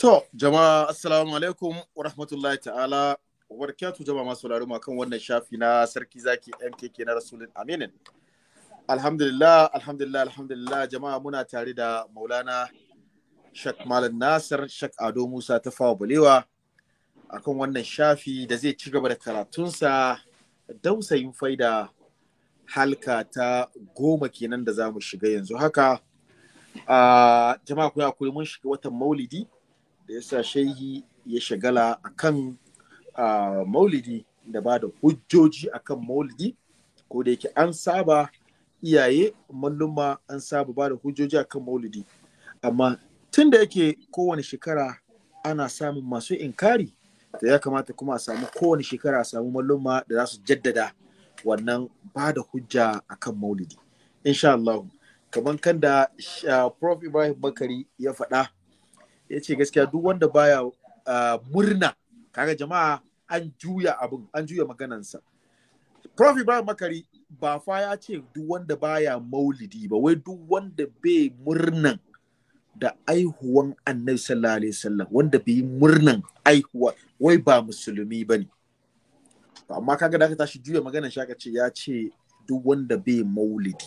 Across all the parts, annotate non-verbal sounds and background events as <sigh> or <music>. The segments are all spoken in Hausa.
To, jama'a assalamu alaikum wa rahmatullahi ta'ala wa jama'a masu laruma kan wannan shafi na sarki zaki MKK na Rasulun Aminin. Alhamdulillah, alhamdulillah, alhamdulillah jama'a muna tare da Maulana Shak Malam Nasir Shak Ado Musa ta fawa balewa kan wannan shafi da zai ci gaba da karatunsa dausayin faida halka ta goma kenan da za mu shiga yanzu haka. Uh, jama'a ku ya mun shiga watan maulidi da ya sa shehi ya shagala a kan maulidi da ba da hujjoji a kan maulidi ko da yake an saba iyaye malluma an saba ba da hujjoji a kan maulidi amma tun da yake kowane shekara ana samun masu inkari da ya kamata kuma a samu kowane shekara a samu malluma da za su jaddada wannan ba da hujja a kan maulidi insha Allah kamar kan da prof ibrahim bakari ya faɗa ya ce gaskiya duk wanda baya murna kaga jama'a an juya abin an juya maganansa prof ibrahim makari ba fa ya ce duk wanda baya maulidi ba wai duk wanda bai murnan da aihuwan annabi sallallahu alaihi wasallam wanda bai murnan aihuwa wai ba musulmi ba ne amma kaga da aka tashi juya maganar shaka ce ya ce duk wanda bai maulidi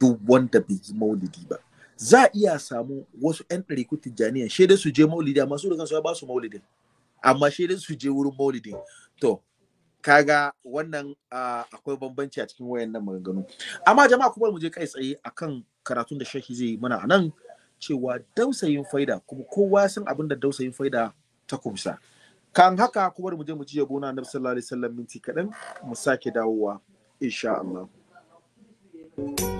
duk wanda bai maulidi ba za a iya samu wasu 'yan ɗariku tijjaniya shaidar su je maulidi amma su da kansu ya ba su maulidin amma shaidar su je wurin maulidin to kaga wannan akwai bambanci a cikin wayan nan maganganu amma jama'a kuma mu je kai tsaye akan karatun da shehi zai mana a nan cewa dausayin faida kuma kowa san abin da dausayin faida ta kumsa kan haka kuma mu je mu ji yabo na annabi sallallahu alaihi wasallam minti kaɗan mu sake dawowa insha Allah. thank you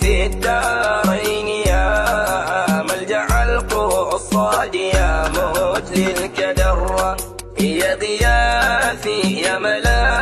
في الدارين يا ملجأ القصاد يا موت للكدر يا غياثي يا ملاك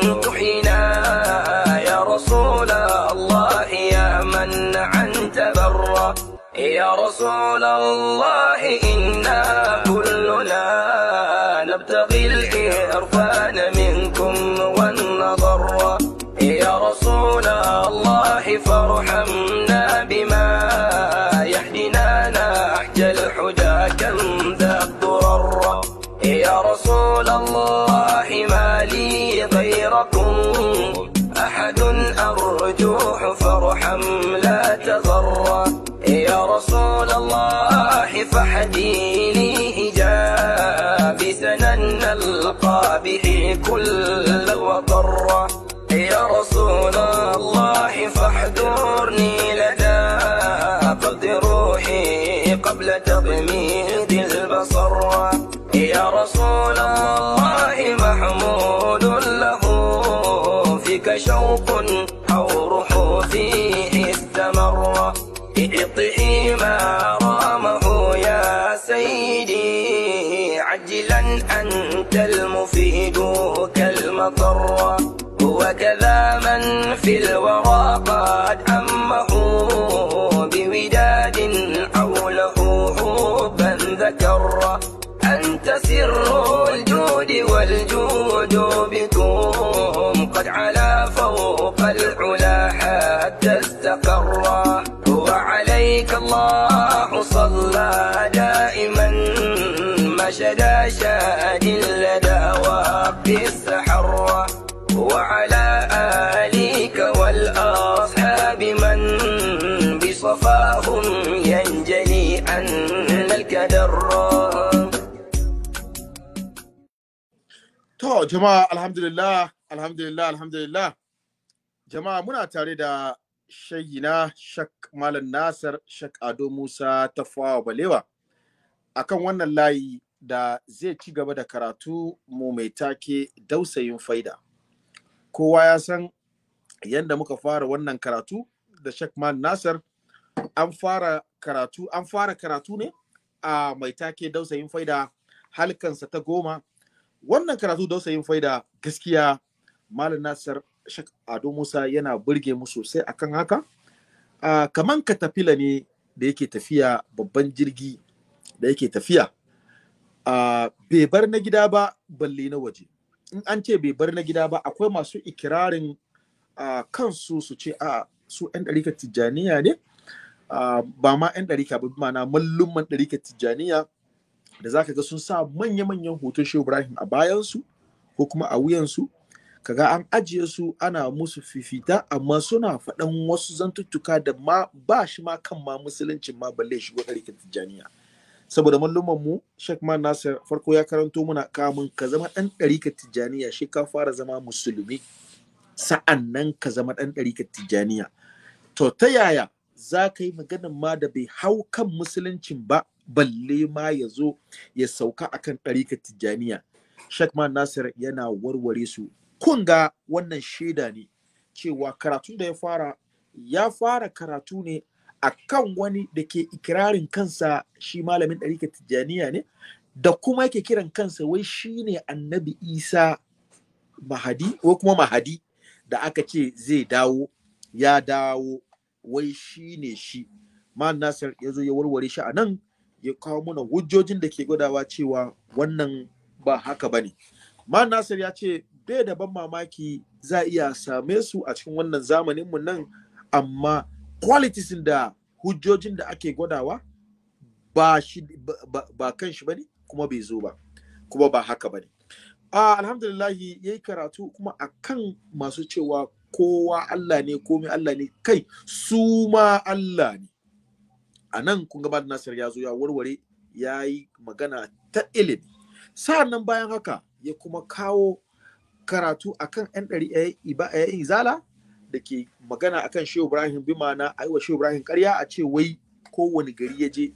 يا رسول الله إنا كلنا في الورى قد أمه بوداد حوله حبا ذكر أنت سر الجود والجود بكم قد على فوق العلا حتى استقر وعليك الله صلى دائما مشدى شاد لدى وقت السحر وعلى To jama'a alhamdulillah alhamdulillah alhamdulillah jama'a muna tare da shayyina shak malam nasir shak ado musa tafawa balewa akan wannan layi da zai ci gaba da karatu mu mai take dausayin faida kowa ya san yadda muka fara wannan karatu da shak malam nasir an fara karatu an fara karatu ne a mai take dausayin faida halkansa ta goma wannan karatu da yin faida gaskiya malam nasir shak ado musa yana burge mu sosai akan haka uh, kaman katafila ne da yake tafiya babban jirgi da yake tafiya uh, bai bar na gida ba balle na waje in an ce bai bar na gida ba akwai masu ikirarin uh, kansu su ce a su 'yan ɗarikar tijjaniya ne ba ma 'yan ɗarika ba ma'ana mallumman ɗarikar tijjaniya da za ka ga sun sa manya-manyan hoton shehu ibrahim a bayansu ko kuma a wuyansu ga an ajiye su ana musu fifita amma suna faɗan wasu zantuttuka da ma ba shi ma kan ma musuluncin ma balle shigo ɗarikin tijjaniya saboda malluman mu Sheikh Man Nasir farko ya karanto muna kamun ka zama ɗan ɗarikin tijjaniya shi ka fara zama musulmi sa'an nan ka zama ɗan ɗarikin tijjaniya to ta yaya za ka yi maganin ma da bai hau kan Musulunci ba balle ma ya zo ya sauka akan ɗarikar tijjaniya ma nasir yana warware su Kunga wannan shaida ne cewa karatun da ya fara ya fara karatu ne a kan wani da ke ikirarin kansa shi malamin ɗarikar tijjaniya ne da kuma yake kiran kansa wai shi ne annabi isa mahadi ko kuma mahadi da aka ce zai dawo ya dawo wai shi ne shi ma nasir ya zo ya warware shi a nan ya kawo mana hujjojin da ke gwadawa cewa wannan ba haka ba ne. Man Nasir ya ce bai da ban mamaki za a iya same su a cikin wannan zamaninmu nan amma qualities da hujjojin da ake gwadawa ba, ba, ba kan shi ba ne kuma bai zo ba kuma ba haka ba ne. Ah, alhamdulillahi ya yi karatu kuma a kan masu cewa kowa Allah ne komai Allah ne kai su ma Allah ne a nan kun ga da nasir ya zo ya warware ya yi magana ta ilimi nan bayan haka ya kuma kawo karatu akan yan ɗari ‘yan izala da ke magana akan shehu ibrahim bi ma'ana a yi wa ibrahim karya a ce wai kowane gari ya je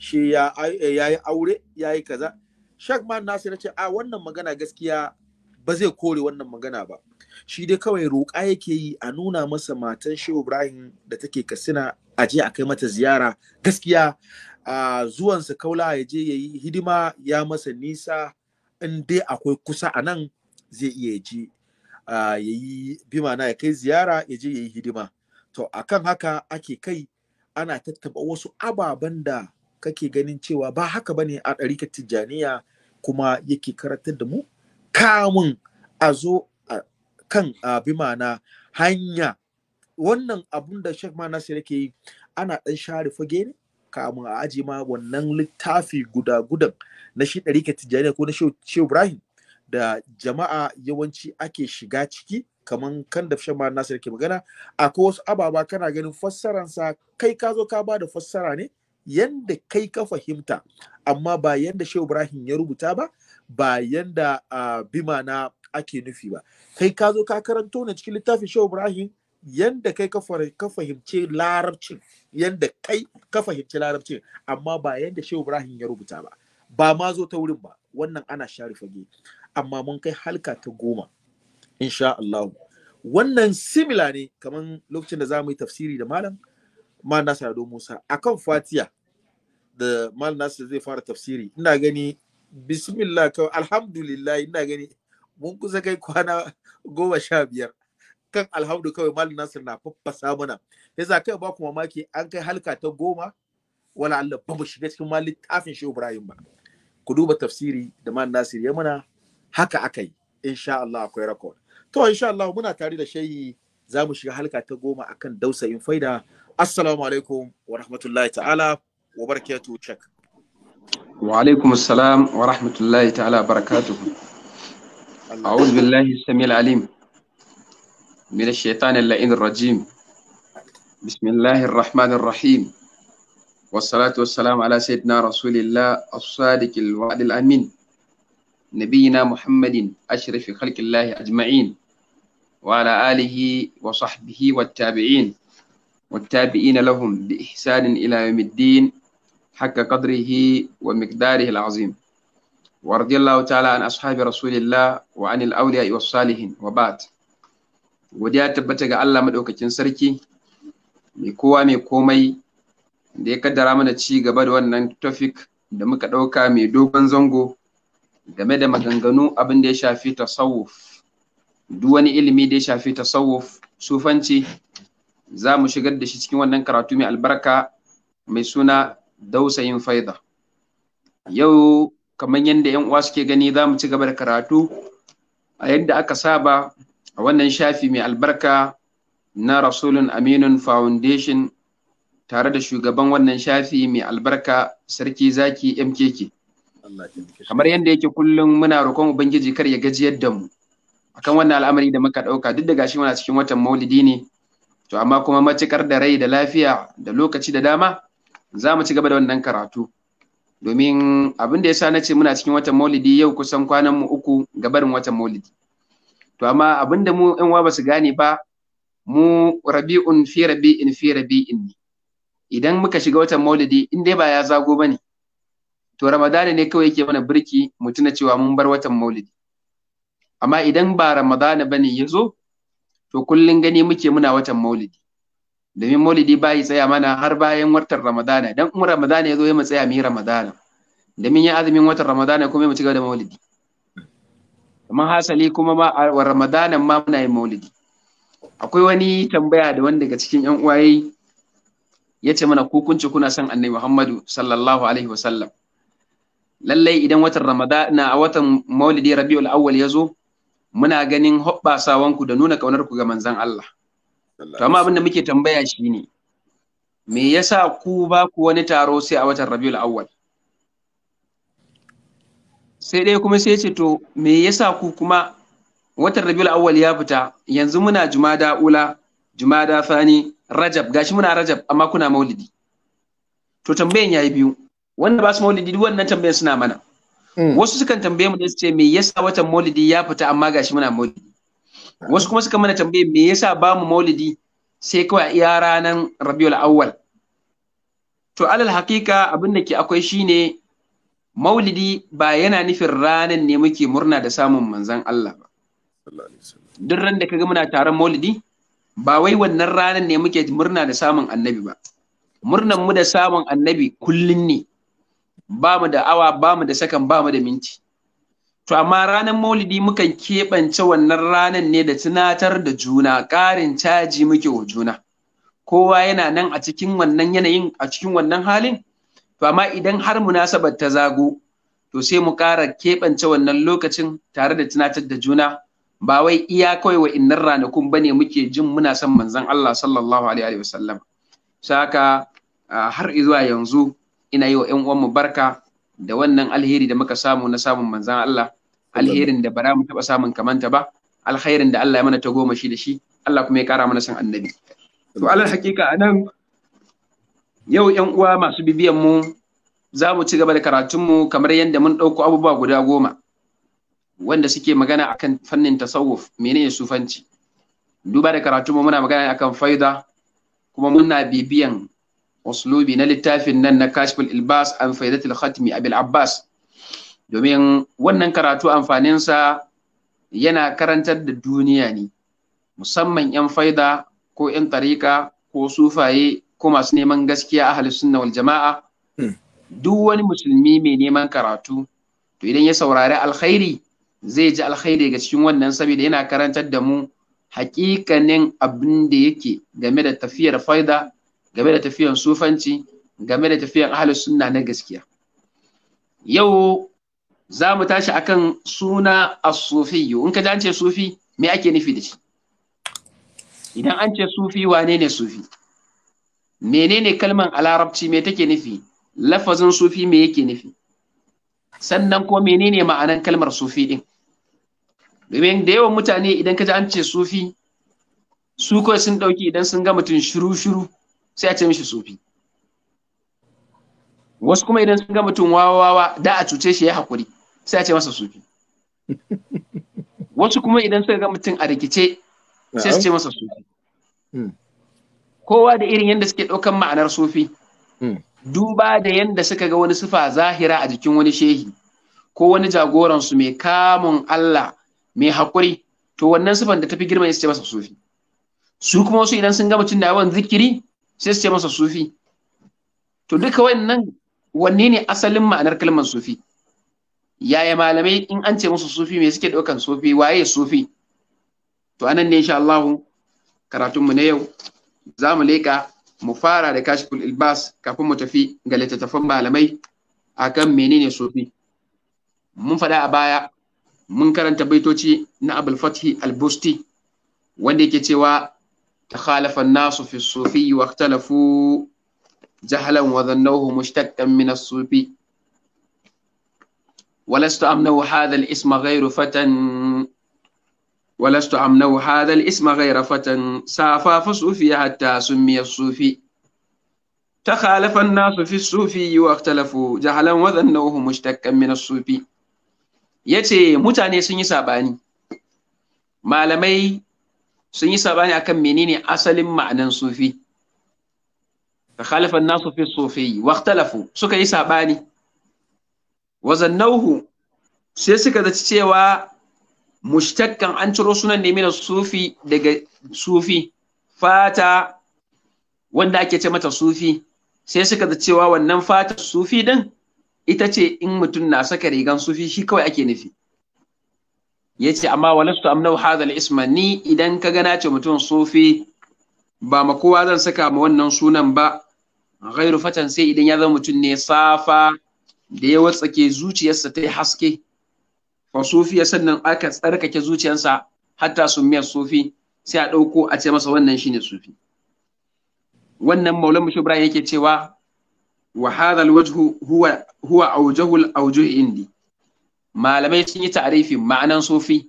She ya yi aure ya yi kaza shak ma nasir ce a wannan magana gaskiya ba zai kore wannan magana ba shi dai kawai roƙa yake yi a nuna masa matan shehu ibrahim da take kasina a je a kai mata ziyara gaskiya a zuwansa kaula ya je ya yi hidima ya masa nisa in dai akwai kusa a nan zai iya ya yi bimana ya kai ziyara ya je ya yi hidima to akan haka ake kai ana tattaba wasu ababen da kake ganin cewa ba haka bane a ɗarikar tijjaniya kuma yake karantar da mu kamun a zo kan abimana hanya wannan abun da Sheikh Nasir yake yi ana ɗan share fage ne kamun a aji ma wannan littafi guda-gudan na shi ka tijjaniya ko na Shehu Ibrahim da jama'a yawanci ake shiga ciki Kaman kan da Sheikh Nasir yake magana akwai wasu ababa kana ganin sa. kai ka zo ka ba da fassara ne yanda kai ka fahimta amma ba yanda Shehu Ibrahim ya rubuta ba ba yanda uh, ah, bima ake nufi ba kai ka zo ka karanto ne cikin littafin Shehu Ibrahim yanda kai ka fahimci larabcin yanda kai ka fahimci larabcin amma ba yanda shehu ibrahim ya rubuta ba ba ma zo ta wurin ba wannan ana share fage amma mun kai halka ta goma insha Allah wannan simila ne Kamar lokacin da za mu yi tafsiri da malam malam nasir ado musa akan fatiya da malam nasir zai fara tafsiri ina gani bismillah kawai alhamdulillah ina gani mun kusa kai kwana goma sha biyar kan alhamdu kawai malam nasir na fafasa mana yasa kai ba ku mamaki an kai halka ta goma wala Allah ba mu shiga cikin ma tafin shi Ibrahim ba ku duba tafsiri da malam nasir ya mana haka akai insha Allah akwai record to insha Allah muna tare da shayi za mu shiga halka ta goma akan dausayin faida assalamu alaikum wa rahmatullahi ta'ala wa barakatuhu check wa alaikum assalam wa rahmatullahi ta'ala barakatuhu a'udhu billahi samil alim من الشيطان اللعين الرجيم بسم الله الرحمن الرحيم والصلاة والسلام على سيدنا رسول الله الصادق الوعد الأمين نبينا محمد أشرف خلق الله أجمعين وعلى آله وصحبه والتابعين والتابعين لهم بإحسان إلى يوم الدين حق قدره ومقداره العظيم ورضي الله تعالى عن أصحاب رسول الله وعن الأولياء والصالحين وبعد godiya tabbata ga Allah maɗaukakin sarki mai kowa mai komai da ya kaddara mana ci gaba da wannan topic da muka ɗauka mai dogon zango game da maganganu abin da ya shafi tasawuf duk wani ilimi da ya shafi tasawuf sufanci za mu shigar da shi cikin wannan karatu mai albarka mai suna dausayin faida yau kamar yadda 'yan uwa suke gani za mu ci gaba da karatu a yadda aka saba a wannan shafi mai albarka na rasulun aminun foundation tare da shugaban wannan shafi mai albarka sarki zaki mkk kamar yadda yake kullum muna roƙon ubangiji kar ya gajiyar da mu akan wannan al'amari da muka ɗauka duk da gashi muna cikin watan maulidi ne to amma kuma macikar da rai da lafiya da lokaci da dama za mu ci gaba da wannan karatu domin abin da ya sa na ce muna cikin watan maulidi yau kusan kwanan mu uku gabarin watan maulidi to amma abinda mu yan uwa basu gane ba mu rabi'un fi rabi'in fi rabi'in ne idan muka shiga watan maulidi in dai ba ya zago ne. to ramadana ne kawai yake mana birki mu tuna cewa mun bar watan maulidi amma idan ba ramadana bane ya zo to kullum gani muke muna watan maulidi domin maulidi ba yi tsaya mana har bayan watan ramadana Idan in ramadana ya zo ya mu tsaya mu yi ramadana domin ya azumin watan ramadana kuma ya mu ci gaba da maulidi Da hasali kuma ma a ramadanan ma muna yin maulidi akwai wani tambaya da wani daga cikin yan uwaye ya ce mana kukunci kuna son annabi muhammadu sallallahu alaihi wasallam lallai idan watan ramadana a watan maulidi rabiul awwal ya zo muna ganin ku da nuna ƙaunarku ga manzan Allah. To amma abin da muke tambaya shi ne, me yasa ku ba ku wani taro sai a watan Rabiul Awwal? sai ɗaya kuma sai ce to me yasa ku kuma watan rabiul awwal ya fita yanzu muna jumada ula jumada fani rajab gashi muna rajab amma kuna maulidi to tambayan yayi biyu wanda ba su maulidi duk wannan tambayan suna mana hmm. wasu sukan tambaye mu ne su ce me yasa watan maulidi ya fita amma gashi muna maulidi wasu kuma suka mana tambaye me yasa ba mu maulidi sai kawai iya ranar rabiul awwal to alal hakika abin da ke akwai shine maulidi ba yana nufin ranar ne muke murna da samun manzan Allah ba duk ran da kaga muna taron maulidi ba wai wannan ranar ne muke murna da samun annabi ba murnan mu da samun annabi kullun ne ba mu da awa ba mu da sakan ba mu da minti to amma ranar maulidi mukan keɓance wannan ranar ne da tunatar da juna ƙarin caji muke wa juna kowa yana nan a cikin wannan yanayin a cikin wannan halin to amma idan har munasabar ta zago to sai mu ƙara keɓance wannan lokacin tare da tunatar da juna ba wai iya kawai wa innan ranakun ba ne muke jin muna son manzon Allah sallallahu alaihi wa sallam. saka har zuwa yanzu ina yi wa ƴan uwanmu barka da wannan alheri da muka samu na samun manzon Allah alherin da bara mu taɓa samun kamanta ba alkhairin da Allah ya mana ta goma shi da shi Allah kuma ya ƙara mana son annabi to alal hakika anan Yau ‘yan uwa masu bibiyan mu za mu ci gaba da karatunmu kamar yadda mun ɗauko abubuwa guda goma wanda suke magana akan fannin tasawuf menene sufanci. Duba da karatunmu muna magana akan faida kuma muna bibiyan uslubi na littafin nan na kashful ilbas an faidatul khatmi abil abbas domin wannan karatu amfaninsa yana karantar da duniya ne musamman 'yan faida ko 'yan tarika ko sufaye ko masu neman gaskiya ahli sunna wal jama'a hmm. duk wani musulmi mai neman karatu to idan ya saurari alkhairi zai ji alkhairi ga cikin wannan saboda yana karantar da mu hakikanin abin da yake game da tafiyar faida game da tafiyar sufanci game da tafiyar ahli sunna na gaskiya yau za mu tashi akan suna as-sufiyyu in ka ji an ce sufi me ake nufi da shi idan an ce sufi wane ne sufi menene kalman a larabci me take nufi lafazin sufi me yake nufi sannan ko menene ma'anan kalmar sufi din domin da yawan mutane idan ka ji an ce sufi su kawai sun dauki idan sun ga mutum shiru shiru sai a ce mishi sufi wasu kuma idan sun ga mutum wawawa da a cuce shi ya hakuri sai a ce masa sufi <laughs> wasu kuma idan suka ga mutum a rikice sai su ce masa sufi hmm. kowa da irin yadda suke ɗaukan ma'anar sufi hmm. duba da yadda suka ga wani sifa zahira a jikin wani shehi ko wani jagoransu mai kamun Allah mai haƙuri to wannan sifan da tafi girma ya ce masa sufi su kuma wasu idan sun ga mutum da yawan zikiri sai su ce masa sufi to duka wannan wanne ne asalin ma'anar kalmar sufi yaya malamai in an ce musu sufi me suke ɗaukan sufi waye sufi to anan ne insha Allah karatunmu na yau za mu leƙa mu fara da kashiful ilbas kafin mu tafi ga littattafan malamai akan menene sufi mun faɗa a baya mun karanta baitoci na abul fathi al-busti wanda yake cewa takhalafa an-nasu fi sufi wa ikhtalafu jahlan wa dhannuhu mushtaqqan min as-sufi ولست أمنه هذا الاسم غير فتى ولست أمنو هذا الاسم غير فتى سافى فصوفي حتى سمي الصوفي تخالف الناس في الصوفي واختلفوا جهلا وظنوه مشتكا من الصوفي yace mutane sun yi sabani malamai sun yi sabani akan menene asalin ma'anan sufi takhalafan nasu fi sufi waqtalafu suka yi sabani wazannauhu sai suka zaci cewa mushtakkan an ciro sunan ne mina sufi daga sufi fata wanda ake ce mata sufi sai suka da cewa wannan fata sufi din ita ce in mutum na saka rigan sufi shi kawai ake nufi ya ce amma walastu amnau hadal isma ni idan ka gana ce mutum sufi ba ma kowa zan saka ma wannan sunan ba ghairu fatan sai idan ya zama mutum ne safa da ya watsake zuciyarsa ta yi haske fa sufiya sannan aka tsarkake zuciyarsa hatta sumiyar sufi sai a ɗauko a ce masa wannan shine sufi wannan maulan mu ibrahim yake cewa wa hadha alwajhu huwa huwa awjahul awjuh indi malamai sun yi ta'arifi ma'anan sufi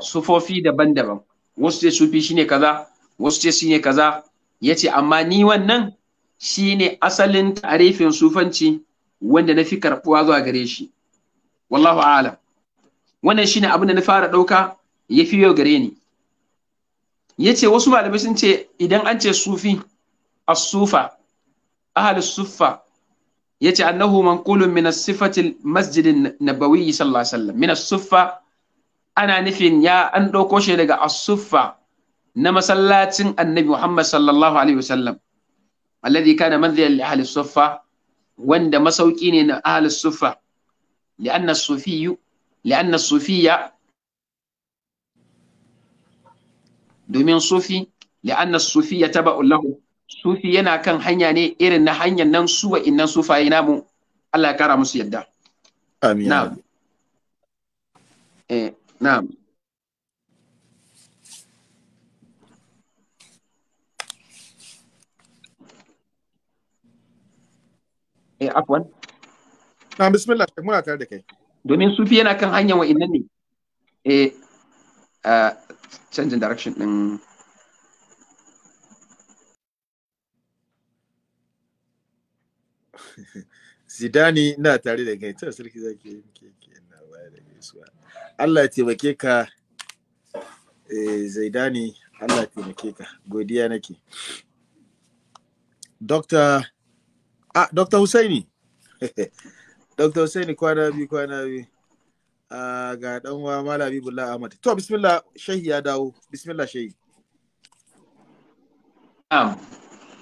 sufofi daban-daban wasu ce sufi shine kaza wasu ce shine kaza yace amma ni wannan shine asalin ta'arifin sufanci wanda na fi karɓuwa zuwa gare shi wallahu a'lam wannan shine abin da na fara ɗauka ya fi yau gare ni ya ce wasu malamai sun ce idan an ce sufi as-sufa ahal sufa ya ce annahu manqulun min as-sifati masjidin nabawi sallallahu alaihi wasallam min as-sufa ana nufin ya an ɗauko shi daga as-sufa na masallacin annabi Muhammad sallallahu alaihi wasallam alladhi kana manzilan li ahli as-sufa wanda masauki ne na ahli as-sufa li'anna as-sufiyyu لأن الصوفية domin sufi ya taba lahu sufi yana kan hanya ne irin na hanyar nan su wa innan sufaye namu Allah ya kara musu yadda amin na'am na domin sufi yana kan hanyar wa'innan ne eh canjin direction din Zidani na tare da gai, ta sarki zaki ke keke na baya da gaisuwa Allah ya taimake ka eh, Zaidani Allah ya taimake ka godiya nake Dr. Ah, Dr. Husaini <laughs> Dr. Hussaini kwana biyu kwana biyu. Ah, ga dan wa Malam Habibullah Ahmad. To bismillah shehi ya dawo. Bismillah shehi. Na'am.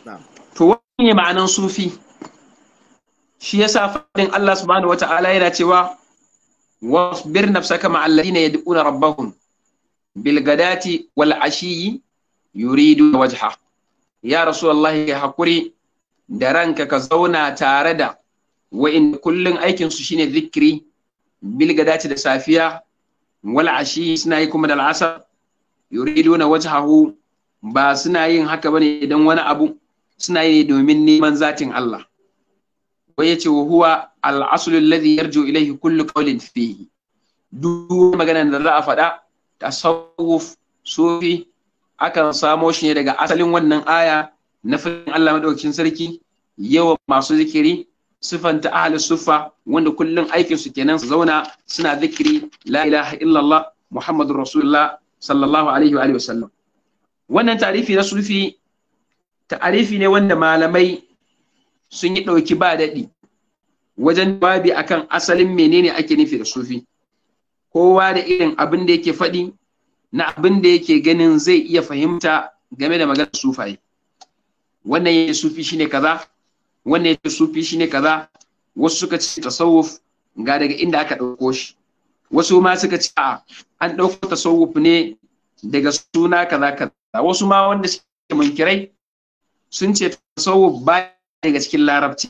Na'am. To wani ne ma'anan sufi? Shi yasa fadin Allah subhanahu wata'ala yana cewa wasbir nafsaka ma alladhina yad'una rabbahum bil gadati wal ashiyi yuridu wajha. Ya Rasulullahi hakuri da ranka ka zauna tare da wa'in kullun aikin su shine zikri bil gadaci da safiya wal ashi suna yi kuma da al'asar yuriduna wajhahu ba suna yin haka bane dan wani abu suna yi domin neman zatin Allah wai yace wa huwa al-aslu alladhi yarju ilayhi kullu qawlin fihi duk maganar da za a faɗa tasawuf sufi akan samo shi ne daga asalin wannan aya na fadin Allah madaukakin sarki yawa masu zikiri sifanta ahli sufa wanda kullum aikin su kenan su zauna suna zikiri la ilaha illallah muhammadur rasulullah sallallahu alaihi wa sallam wannan tarifi na sufi ta'arifi ne wanda malamai sun yi ɗauki ba daɗi wajen babi akan asalin menene ake nufi da sufi kowa da irin abin da yake faɗi na abin da yake ganin zai iya fahimta game da maganar sufaye wannan yin sufi shine kaza wannan ya ce sufi ne kaza wasu suka ce tasawuf ga daga inda aka ɗauko shi wasu ma suka ce a an ɗauko tasawuf ne daga suna kaza kaza wasu ma wanda suke munkirai sun ce tasawuf ba daga cikin larabci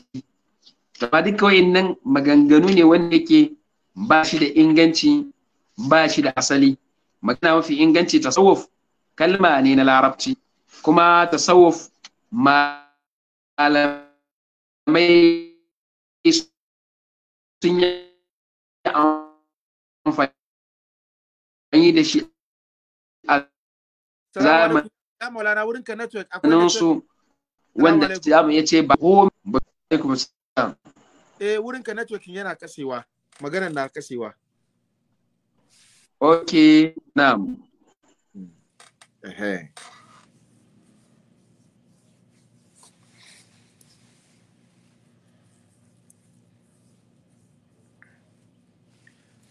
amma duka nan, maganganu ne wanda yake ba shi da inganci ba shi da asali magana mafi inganci tasawuf kalma ne na larabci kuma tasawuf malam malamai sun yi amfani da shi a zamanin su wanda za iya ce ba ko ba eh wurinka yana kasewa maganar na kasewa na'am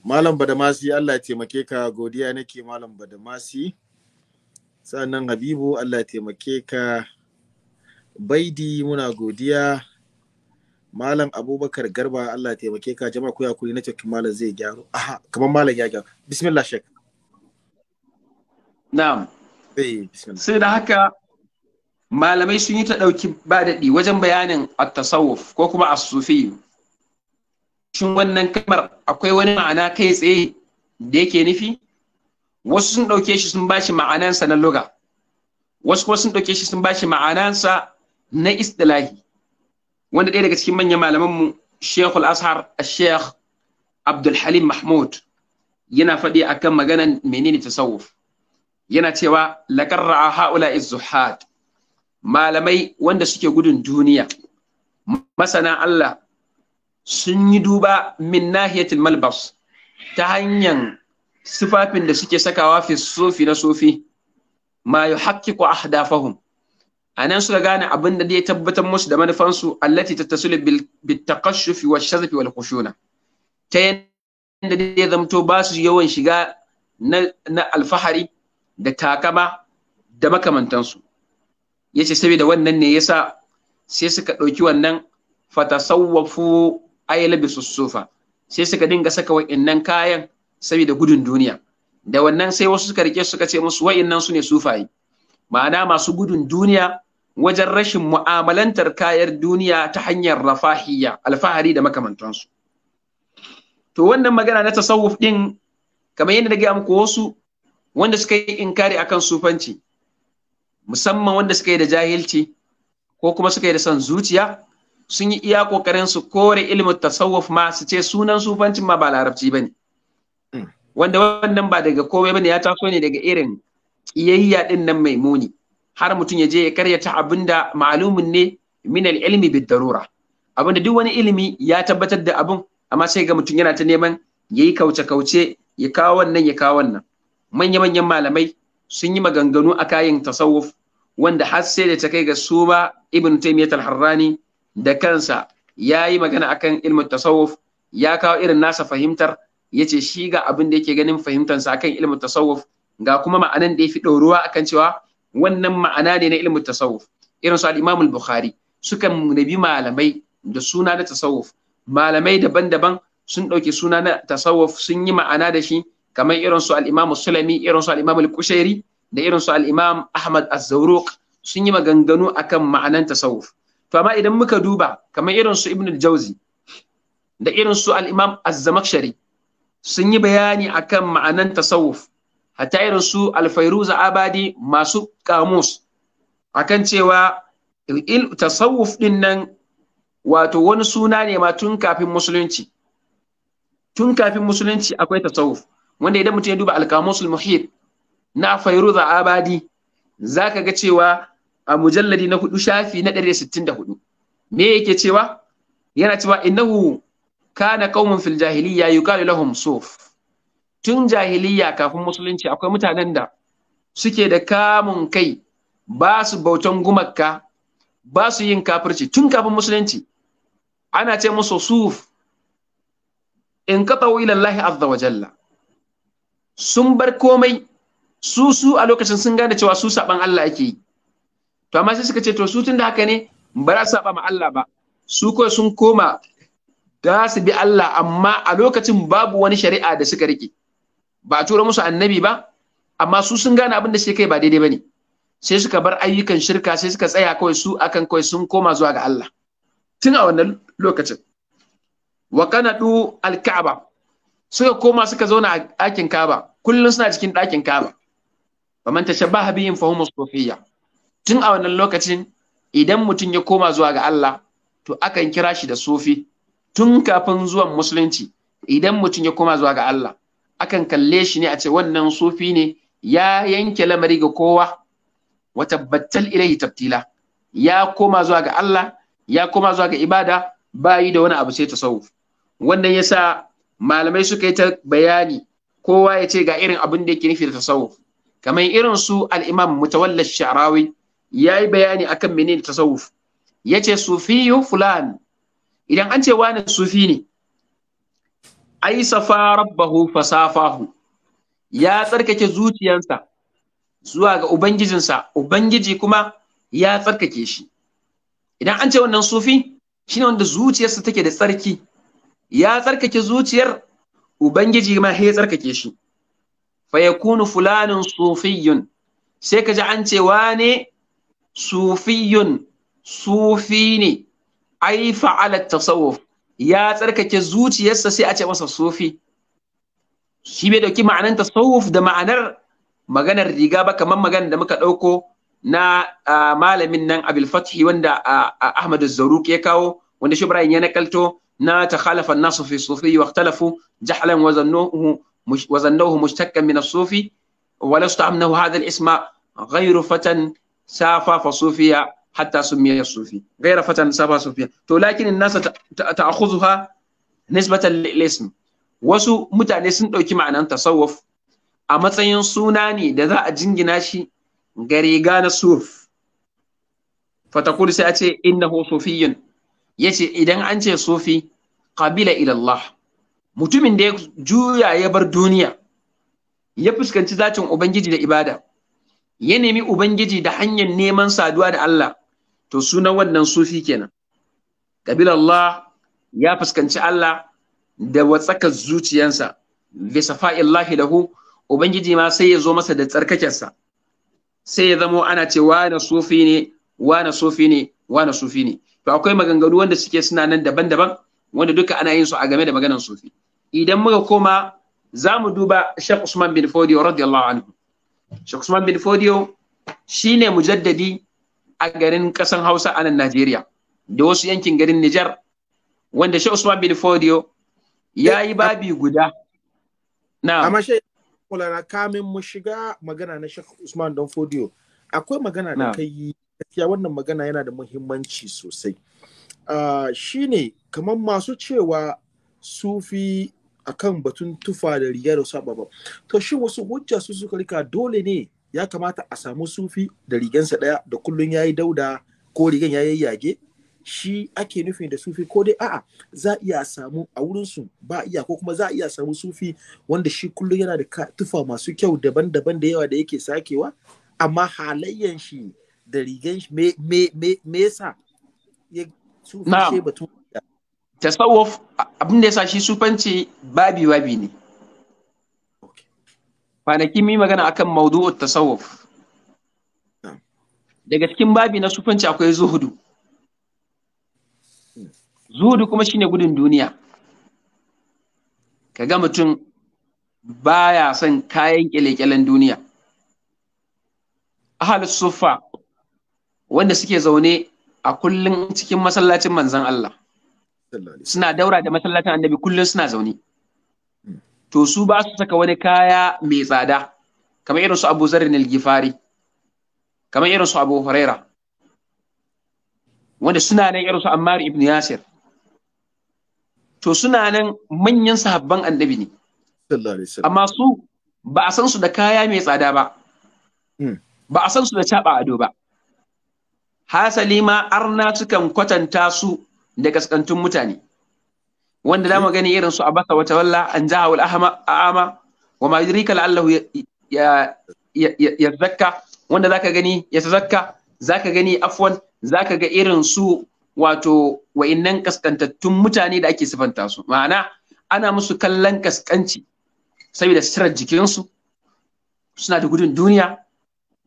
Malam Badamasi Allah ya taimake ka godiya nake Malam Badamasi. Sannan Habibu Allah ya taimake ka Baidi muna godiya. Malam Abubakar Garba Allah ya taimake ka jama'a ku ya kuri na malam zai gyaro. Aha, kamar malam ya gyaro. Bismillah shek. Na'am. Eh, bismillah. Sai da haka malamai sun yi ta dauki ba daɗi wajen bayanin at-tasawuf ko kuma as sufiyyu shin wannan kamar akwai wani ma'ana kai tsaye da yake nufi wasu sun ɗauke shi sun bashi ma'anansa na loga wasu kuma sun ɗauke shi sun bashi ma'anansa na istilahi wanda ɗaya daga cikin manyan malamanmu Sheikh Al-Azhar Sheikh Abdul Halim Mahmud yana faɗi akan maganan menene tasawuf yana cewa "Laƙarra ra'a haula zuhad malamai wanda suke gudun duniya masana Allah sun yi duba min nahiyatul malbas ta hanyar sifafin da suke sakawa fi sufi na sufi ma yuhaqqiqu ahdafahum anan suka gane abin da zai tabbatar musu da manufansu allati tattasilu bil taqashshufi wa shazfi wal kushuna ta yadda zai zamto ba su yawan shiga na alfahari da takama da makamantansu ya ce saboda wannan ne yasa sai suka ɗauki wannan fatasawwafu ayyala bi sufa sai suka dinga saka wa'innan kayan saboda gudun duniya da wannan sai wasu suka rike suka ce musu wa'innan su ne sufaye ma'ana masu gudun duniya wajen rashin mu'amalantar kayan duniya ta hanyar rafahiyya alfahari da makamantansu to wannan magana na tasawuf din kamar yadda gaya muku wasu wanda suka yi inkari akan sufanci musamman wanda suka yi da jahilci ko kuma suka yi da son zuciya sun yi iya kokarin su kore ilmin tasawuf ma su ce sunan sufancin ma ba larabci ne. Mm. wanda wannan ba daga ba ne ya taso ne daga irin kiyayya din nan mai muni har mutum ya je ya karyata abin da ma'alumin ne min ilimi ilmi Abin darura da duk wani ilimi ya tabbatar da abin amma sai ga mutum yana ta neman ya yi kauce kauce ya kawo wannan ya kawo wannan manya manyan malamai sun yi maganganu a kayan tasawuf wanda har sai da ta kai ga su ba ibn taymiyyah al-harrani da kansa ya yi magana akan ilmin tasawuf ya kawo irin nasa fahimtar ya ce shi ga abin da yake ganin fahimtansa akan ilmin tasawuf ga kuma ma'anan da ya fi ɗoruwa akan cewa wannan ma'ana ne na ilmin tasawuf irin su al-Bukhari sukan nabi malamai da suna na tasawuf malamai daban-daban sun ɗauki suna na tasawuf sun yi ma'ana da shi kamar irin su al Sulami irin su al-Kushairi da irin su Ahmad az-Zawruq sun yi maganganu akan ma'anan tasawuf to amma idan muka duba kamar irin su ibn al-jawzi da irin su al-imam az-zamakhshari sun yi bayani akan ma'anan tasawuf hatta irin su al-fayruza abadi masu kamus akan cewa tasawuf din nan wato wani suna ne ma tun kafin musulunci tun kafin musulunci akwai tasawuf wanda idan mutum ya duba al-kamusul muhit na fayruza abadi zaka ga cewa a mujalladi na hudu shafi na ɗari sittin da hudu, me yake cewa yana cewa innahu kana qaumun fil jahiliya yuqalu lahum suf tun jahiliya kafin musulunci akwai mutanen da suke da kamun kai ba su bautan gumakka ba su yin kafirci tun kafin musulunci ana ce musu suf in qatawu ila Allah azza wa jalla sun bar komai su su a lokacin sun gane cewa su saban Allah ake yi to amma sai suka ce to su tun da haka ne ba za su saba ma Allah ba su ko sun koma za su bi Allah amma a lokacin babu wani shari'a da suka rike ba a tura musu annabi ba amma su sun gane abin da shi kai ba daidai bane sai suka bar ayyukan shirka sai suka tsaya kawai su akan kawai sun koma zuwa ga Allah tun a wannan lokacin wa kanadu al-ka'ba suka koma suka zauna a ɗakin kaba, kullum suna cikin ɗakin kaba. ba man tashabbaha bihim fa humus sufiyya tun a wannan lokacin idan mutum ya koma zuwa ga Allah to akan kira shi da sufi tun kafin zuwan musulunci idan mutum ya koma zuwa ga Allah akan kalle shi ne a ce wannan sufi ne ya yanke lamari ga kowa wa tabbatal ilaihi tabtila ya koma zuwa ga Allah ya koma zuwa ga ibada bayi da wani abu sai tasawuf wannan yasa malamai suka yi ta bayani kowa ya ce ga irin abin da yake nufi da tasawuf kamar irin su al-imam mutawalla sha'rawi ya yi bayani akan menene tasawuf ya ce sufiyu fulan idan an ce wani sufi ne ai safa rabbahu fasafahu ya tsarkake zuciyansa zuwa ga ubangijinsa ubangiji kuma ya tsarkake shi idan an ce wannan sufi shine wanda zuciyarsa take da tsarki ya tsarkake zuciyar ubangiji ma ya tsarkake shi fa kunu fulanin sufiyyun sai ka ji an ce wane sufiyun sufi ne ai fa'ala tasawuf ya tsarkake zuciyarsa sai a ce masa sufi shi bai dauki ma'anar tasawuf da ma'anar maganar riga ba kamar maganar da muka dauko na malamin nan abil fathi wanda ahmad zaruq ya kawo wanda shi ya nakalto na ta an-nasu fi sufi wa ikhtalafu jahlan wa zannuhu wa mushtakkan min as-sufi wa lastu amnahu hadha al-isma ghayru fatan safa fa sufiya hatta sumiya sufi gaira fatan safa sufiya to lakin nasa ta'khudhuha nisbatan lil wasu mutane sun dauki ma'anan tasawuf a matsayin suna ne da za a jingina shi ga riga na suf fatakul sai a ce innahu sufiyyun yace idan an ce sufi qabila ila Allah mutumin da ya juya ya bar duniya ya fuskanci zacin ubangiji da ibada ya nemi ubangiji da hanyar neman saduwa da Allah to suna wannan sufi kenan Allah ya fuskanci Allah da watsaka zuciyansa bi da lahu ubangiji ma sai ya zo masa da tsarkakensa sai ya zamo ana ce na sufi ne na sufi ne na sufi ne to akwai maganganu wanda suke suna nan daban-daban wanda duka ana yin su a game da maganan sufi idan muka koma za mu duba Sheikh Usman bin Fodi radiyallahu anhu Sheikh Usman bin Fodio shine mujaddadi a garin kasan Hausa a nan Najeriya da wasu yankin garin Nijar wanda Sheikh Usman bin Fodio ya yi babi guda na amma shi kulana kamin mu shiga magana na Sheikh Usman don Fodio akwai magana da kai gaskiya wannan magana yana da muhimmanci sosai ah, shine kamar masu cewa sufi akan batun tufa da riga da saba ba to shin wasu hujja su suka rika dole ne ya kamata a samu sufi da rigansa daya da kullun yayi dauda ko rigan yayi yage shi ake nufin da sufi ko dai a'a za a iya samu a wurin su ba iya ko kuma za a iya samu sufi wanda shi kullun yana da tufa masu kyau daban-daban da yawa da yake sakewa amma halayyan shi da rigan shi me me me yasa ya sufi batun tasawuf abin da sa shi sufanci babi babi ne kwanaki mi magana akan maudu'ut tasawuf daga cikin babi na sufanci akwai zuhudu zuhudu kuma shine gudun duniya kaga mutum baya son kayan kyale-kyalen duniya ahalus sufa wanda suke zaune a kullum cikin masallacin manzon Allah suna daura da masallacin annabi kullum suna zaune hmm. to su ba su saka wani kaya mai tsada kamar irin su Abu zarri al-Gifari kamar irin su Abu Huraira wanda suna nan irin su Ammar ibn Yasir to suna nan manyan sahabban annabi ne amma su ba a san su da kaya mai tsada ba hmm. ba a san su da caba ado ba hasali ma arna sukan kwatanta su da kaskantun mutane wanda da gani irin su abasa wata walla an jaha wal a'ama wa ma yudrika la'allahu ya yazakka wanda zaka gani ya tazakka zaka gani afwan zaka ga irin su wato wa'innan kaskantattun mutane da ake sifanta su ma'ana ana musu kallon kaskanci saboda sitirar jikinsu suna da gudun duniya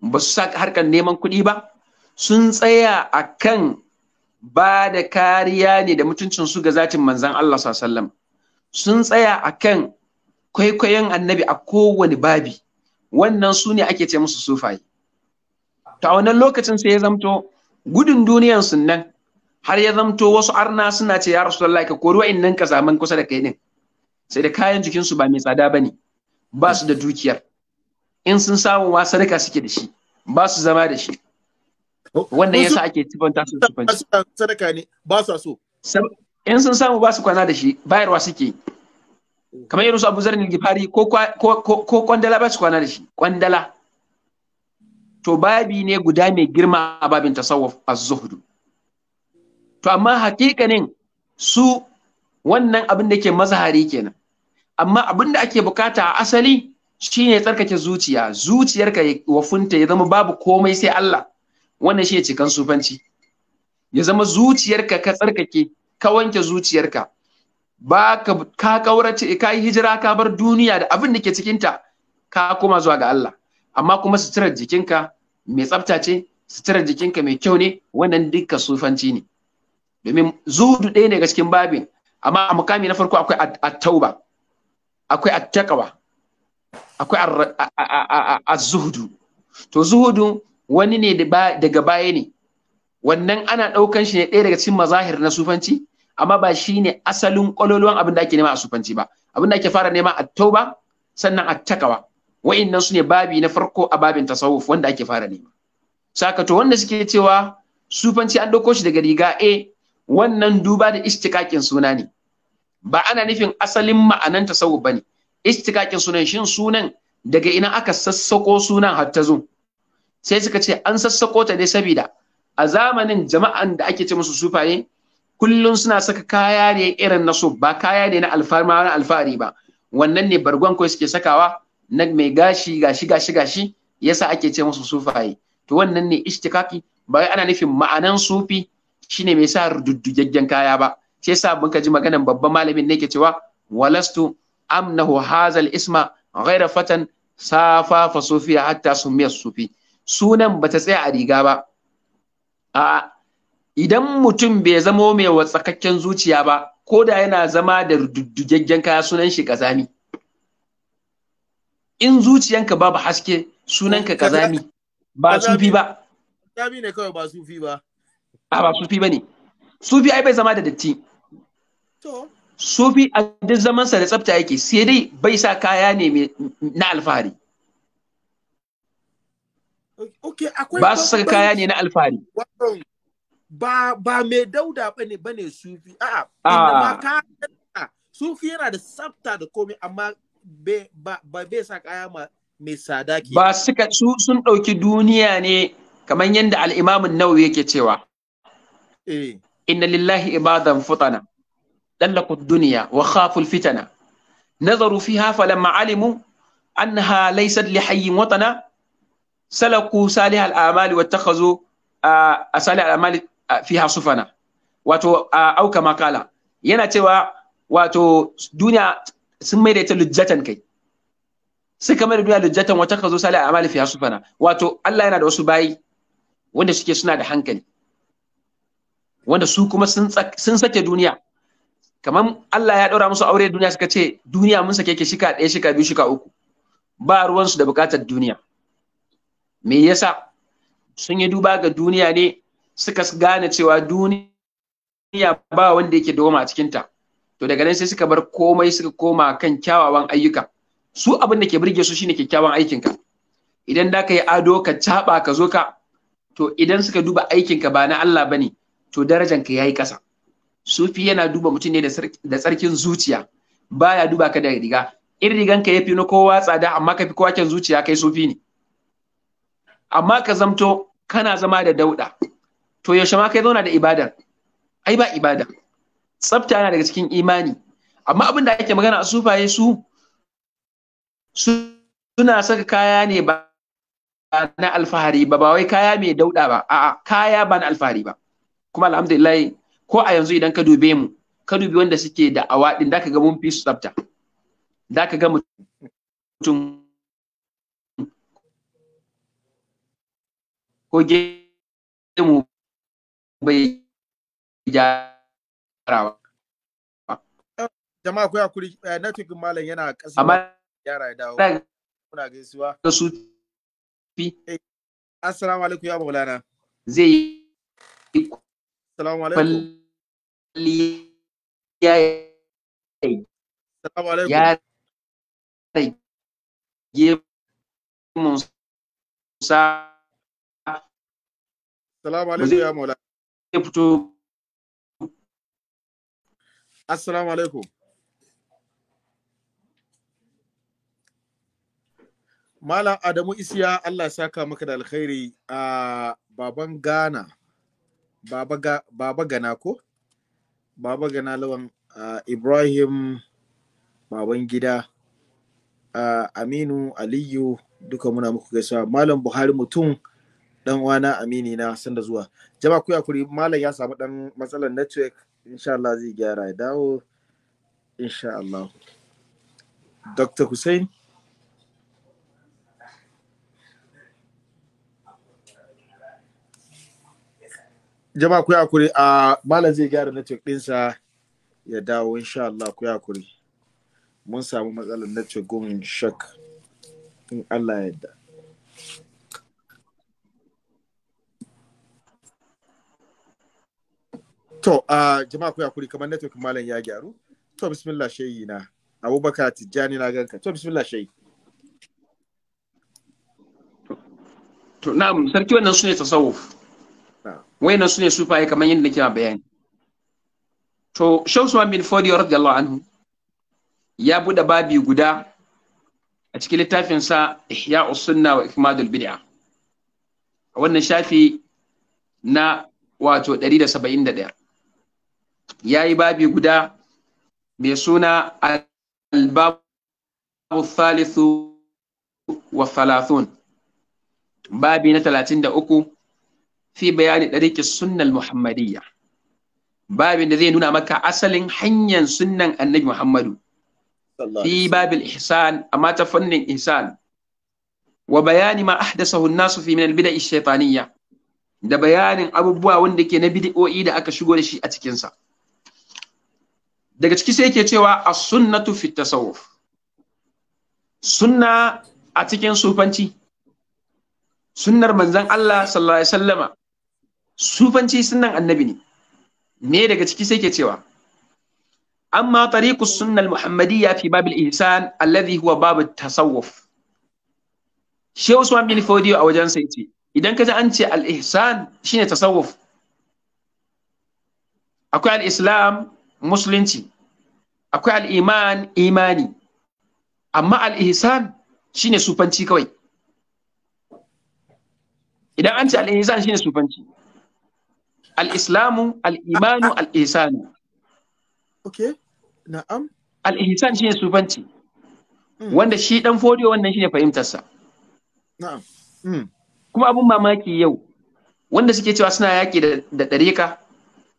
ba su sa harkar neman kuɗi ba sun tsaya a kan ba da kariya ne da mutuncin su ga zatin manzan Allah sallam sun tsaya a kan kwaikwayon annabi a kowane babi wannan su ne ake ce musu sufaye ta wannan lokacin sai ya zamto gudun duniyan sun nan har ya zamto wasu arna suna ce ya rasu ka kori wa'innan ka zaman kusa da kai din sai da kayan jikinsu ba mai tsada ba ne ba su da dukiyar in sun samu wa sadaka suke da shi ba su zama da shi Wannan yasa ake cibanta su cibanci. Sadaka ne ba sa so. In sun samu ba su kwana da shi bayarwa suke. Kamar yadda su Abu Zarni Gifari ko kwandala ba su kwana da shi kwandala. To babi ne guda mai girma a babin tasawuf az Zuhudu. To amma hakikanin su wannan abin da ke mazahari kenan. Amma abin da ake bukata a asali shine tsarkake zuciya, zuciyarka wafunta ya zama babu komai sai Allah. wannan shi ya cikan sufanci ya zama zuciyarka ka tsarkake ka wanke zuciyarka ba ka ka kaurace ka yi hijira ka bar duniya da abin da ke cikinta ka koma zuwa ga Allah amma kuma suturar jikinka mai tsafta ce suturar jikinka mai kyau ne wannan dukkan sufanci ne domin zudu ɗaya ne ga cikin babin amma a mukami na farko akwai at-tauba akwai at-taqwa akwai az-zuhdu to zuhudu wani ne daga baya ne wannan ana ɗaukan shi ne ɗaya daga cikin mazahir na sufanci amma ba shi ne asalin ƙwaloluwan abin da ake nema a sufanci ba abin da ake fara nema a tauba sannan a takawa wa'innan su ne babi na farko a babin tasawuf wanda ake fara nema sakato wanda suke cewa sufanci an ɗauko shi daga riga a wannan duba da istikakin suna ne ba ana nufin asalin ma'anan tasawuf ne. istikakin sunan shin sunan daga ina aka sassako sunan hatta zo sai suka ce an sassako ta dai saboda a zamanin jama'an da ake ce musu sufaye kullum suna saka kaya ne irin na su ba kaya ne na alfarma na alfahari ba wannan ne bargon kawai suke sakawa na mai gashi gashi gashi gashi yasa ake ce musu sufaye to wannan ne ishtikaki ba ana nufin ma'anan sufi shine mai sa rududdugaggen kaya ba sai yasa muka ji maganan babban malamin ne ke cewa walastu amnahu hazal isma ghaira fatan safa fa sufiya hatta sumiya sufi sunan ba ta tsaya a riga ba a idan mutum bai zamo mai watsakakken zuciya ba ko da yana zama da rududdugaggen kaya sunan shi kazami in zuciyanka babu haske sunanka kazami ba sufi ba kazami ne kawai ba sufi ba a ba sufi ba ne sufi ai bai zama da datti sufi a duk zamansa da tsafta yake sai dai bai sa kaya ne na alfahari Okay, akwai ba su saka kaya ne na alfahari. Ba ba mai dauda bane sufi. A'a, ah. ka sufi yana da tsafta da komai amma ba bai sa kaya ma mai tsada ke. Ba suka su sun ɗauki duniya ne kamar yadda al'imamin nawawi yake cewa. Eh. Inna lillahi ibadan futana. Dallaku duniya wa khaful fitana. Nazaru fiha falamma alimu annaha laysat li hayyin watana salaku salih al'amali wa takhazu a salih al'amali fiha sufana wato au kama kala yana cewa wato duniya sun mai da ita lujjatan kai suka mai da duniya lujjatan wata ka zo salih al'amali fiha sufana wato Allah yana da wasu bayi wanda suke suna da hankali wanda su kuma sun sake duniya kamar Allah ya ɗora musu aure duniya suka ce duniya mun sake ke shika ɗaya shika biyu shika uku ba ruwansu da buƙatar duniya me yasa sun yi duba ga duniya ne suka gane cewa duniya ba wanda yake doma a cikinta to daga nan sai suka bar komai suka koma kan kyawawan ayyuka su abin da ke burge su shine kyakkyawan aikinka idan da ka yi ado ka caɓa ka zo ka to idan suka duba aikinka ba na Allah ba ne to darajanka ya yi ƙasa sufi yana duba mutum ne da tsarkin zuciya baya duba ka da riga in riganka ya fi na kowa tsada amma ka fi kowa zuciya kai sufi ne amma ka zamto kana zama da dauda to yaushe ma kai zauna da ibada ai ba ibada tsafta yana daga cikin imani amma abin da ake magana a sufaye su suna saka kaya ne ba na alfahari ba ba wai kaya mai dauda ba a'a kaya ba na alfahari ba kuma alhamdulillah ko a yanzu idan ka dube mu ka dubi wanda suke da awadin da ka ga mun fi su tsafta da ka ga mutum ko mu bai gyarawa jama'a ku hakuri eh, network malam yana kasa amma gyara ya dawo kuna gaisuwa su fi eh, assalamu alaikum ya maulana zai yi assalamu alaikum ya assalamu alaikum ya sa Assalamu alaikum ya fito. Assalamu alaikum. Malam Adamu Isiya Allah saka maka da alkhairi a baban Ghana. Baba, ga, baba Gana ko? Baba Gana lawan Ibrahim baban gida uh, Aminu Aliyu duka muna muku gaisuwa Malam Buhari mutum dan wana amini na sanda zuwa jama'a ku kuri malam ya samu dan matsalar network insha Allah zai gyara ya dawo insha Allah Dr. Hussein jama'a ku kuri a malam zai gyara network dinsa ya dawo insha Allah ku kuri mun samu matsalar network gun shak in Allah ya yarda To, uh, jama'a ku kuri kamar network malam ya gyaru. To, bismillah shayi na. Abubakar Tijjani na ganka. To, bismillah shayi. To, na'am, sarki wannan su ne tasawuf. Wayannan su ne sufaye kamar yadda nake bayani. To, Shamsuwan bin Fodi radiyallahu anhu ya buɗe babi guda a cikin littafinsa Ihya Usunna wa Ikmadul Bid'a. A wannan shafi na wato 171. ya yi babi guda mai suna albabu thalithu wa thalathun babi na talatin da uku fi bayani ɗariƙi sunnal muhammadiyya babin da zai nuna maka asalin hanyar sunnan annabi muhammadu fi babil ihsan amma ta fannin ihsan wa bayani ma ahdasahu nasu fi min albida'i shaytaniyya da bayanin abubuwa wanda ke na bid'o'i da aka shigo da shi a cikinsa. sa daga ciki sai yake cewa a sunnatu fi tasawuf sunna a cikin sufanci sunnar manzon Allah sallallahu alaihi wasallama sufanci sunnan annabi ne me daga ciki sai ke cewa amma tariqu sunna muhammadiyya fi bab ihsan alladhi huwa babu tasawuf Shehu Usman bin Fodiyo a wajen sai ce idan ka ji an ce al-ihsan shine tasawuf akwai al-islam musulunci akwai al'iman imani amma shi ne sufanci kawai idan an ce shi ne sufanci al'islamu al'imanu al’ihisanu okay na'am shi ne sufanci hmm. wanda shi dan fodiyo wannan shi ne fahimtarsa hmm. kuma abun mamaki yau wanda suke cewa suna yaƙi da ɗarika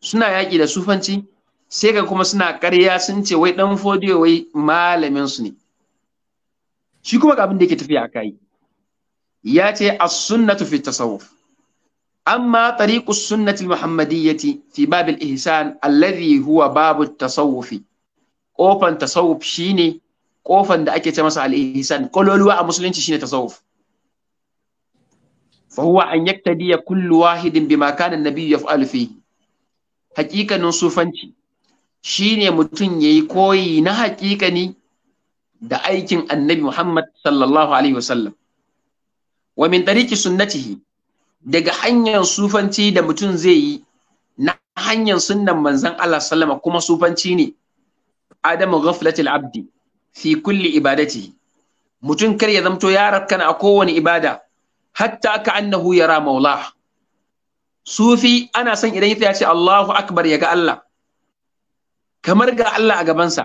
suna yaƙi da sufanci sai ga kuma suna ƙarya sun ce wai ɗan fodiyo wai malamin su ne shi kuma ga abin da yake tafiya a kai ya ce as-sunnatu fi tasawuf amma tariqu sunnati muhammadiyyati fi babil ihsan alladhi huwa babu tasawufi Ƙofan tasawuf shine kofan da ake ce masa al-ihsan kololuwa a musulunci shine tasawuf fa huwa an yaktadiya kullu wahidin bima kana an yaf'alu fihi hakikanin sufanci Shi ne mutum ya yi koyi na haƙiƙani da aikin annabi Muhammad sallallahu alaihi wasallam wa min tariki sunnatihi daga hanyar sufanci da mutum zai yi na hanyar sunnan manzan Allah sallama kuma sufanci ne adamu ghaflatil abdi fi kulli ibadati mutum kar ya zamto ya rakkana a kowane ibada hatta ka annahu yara maula sufi ana son idan ya ce Allahu akbar ya ga Allah kamar ga Allah a gabansa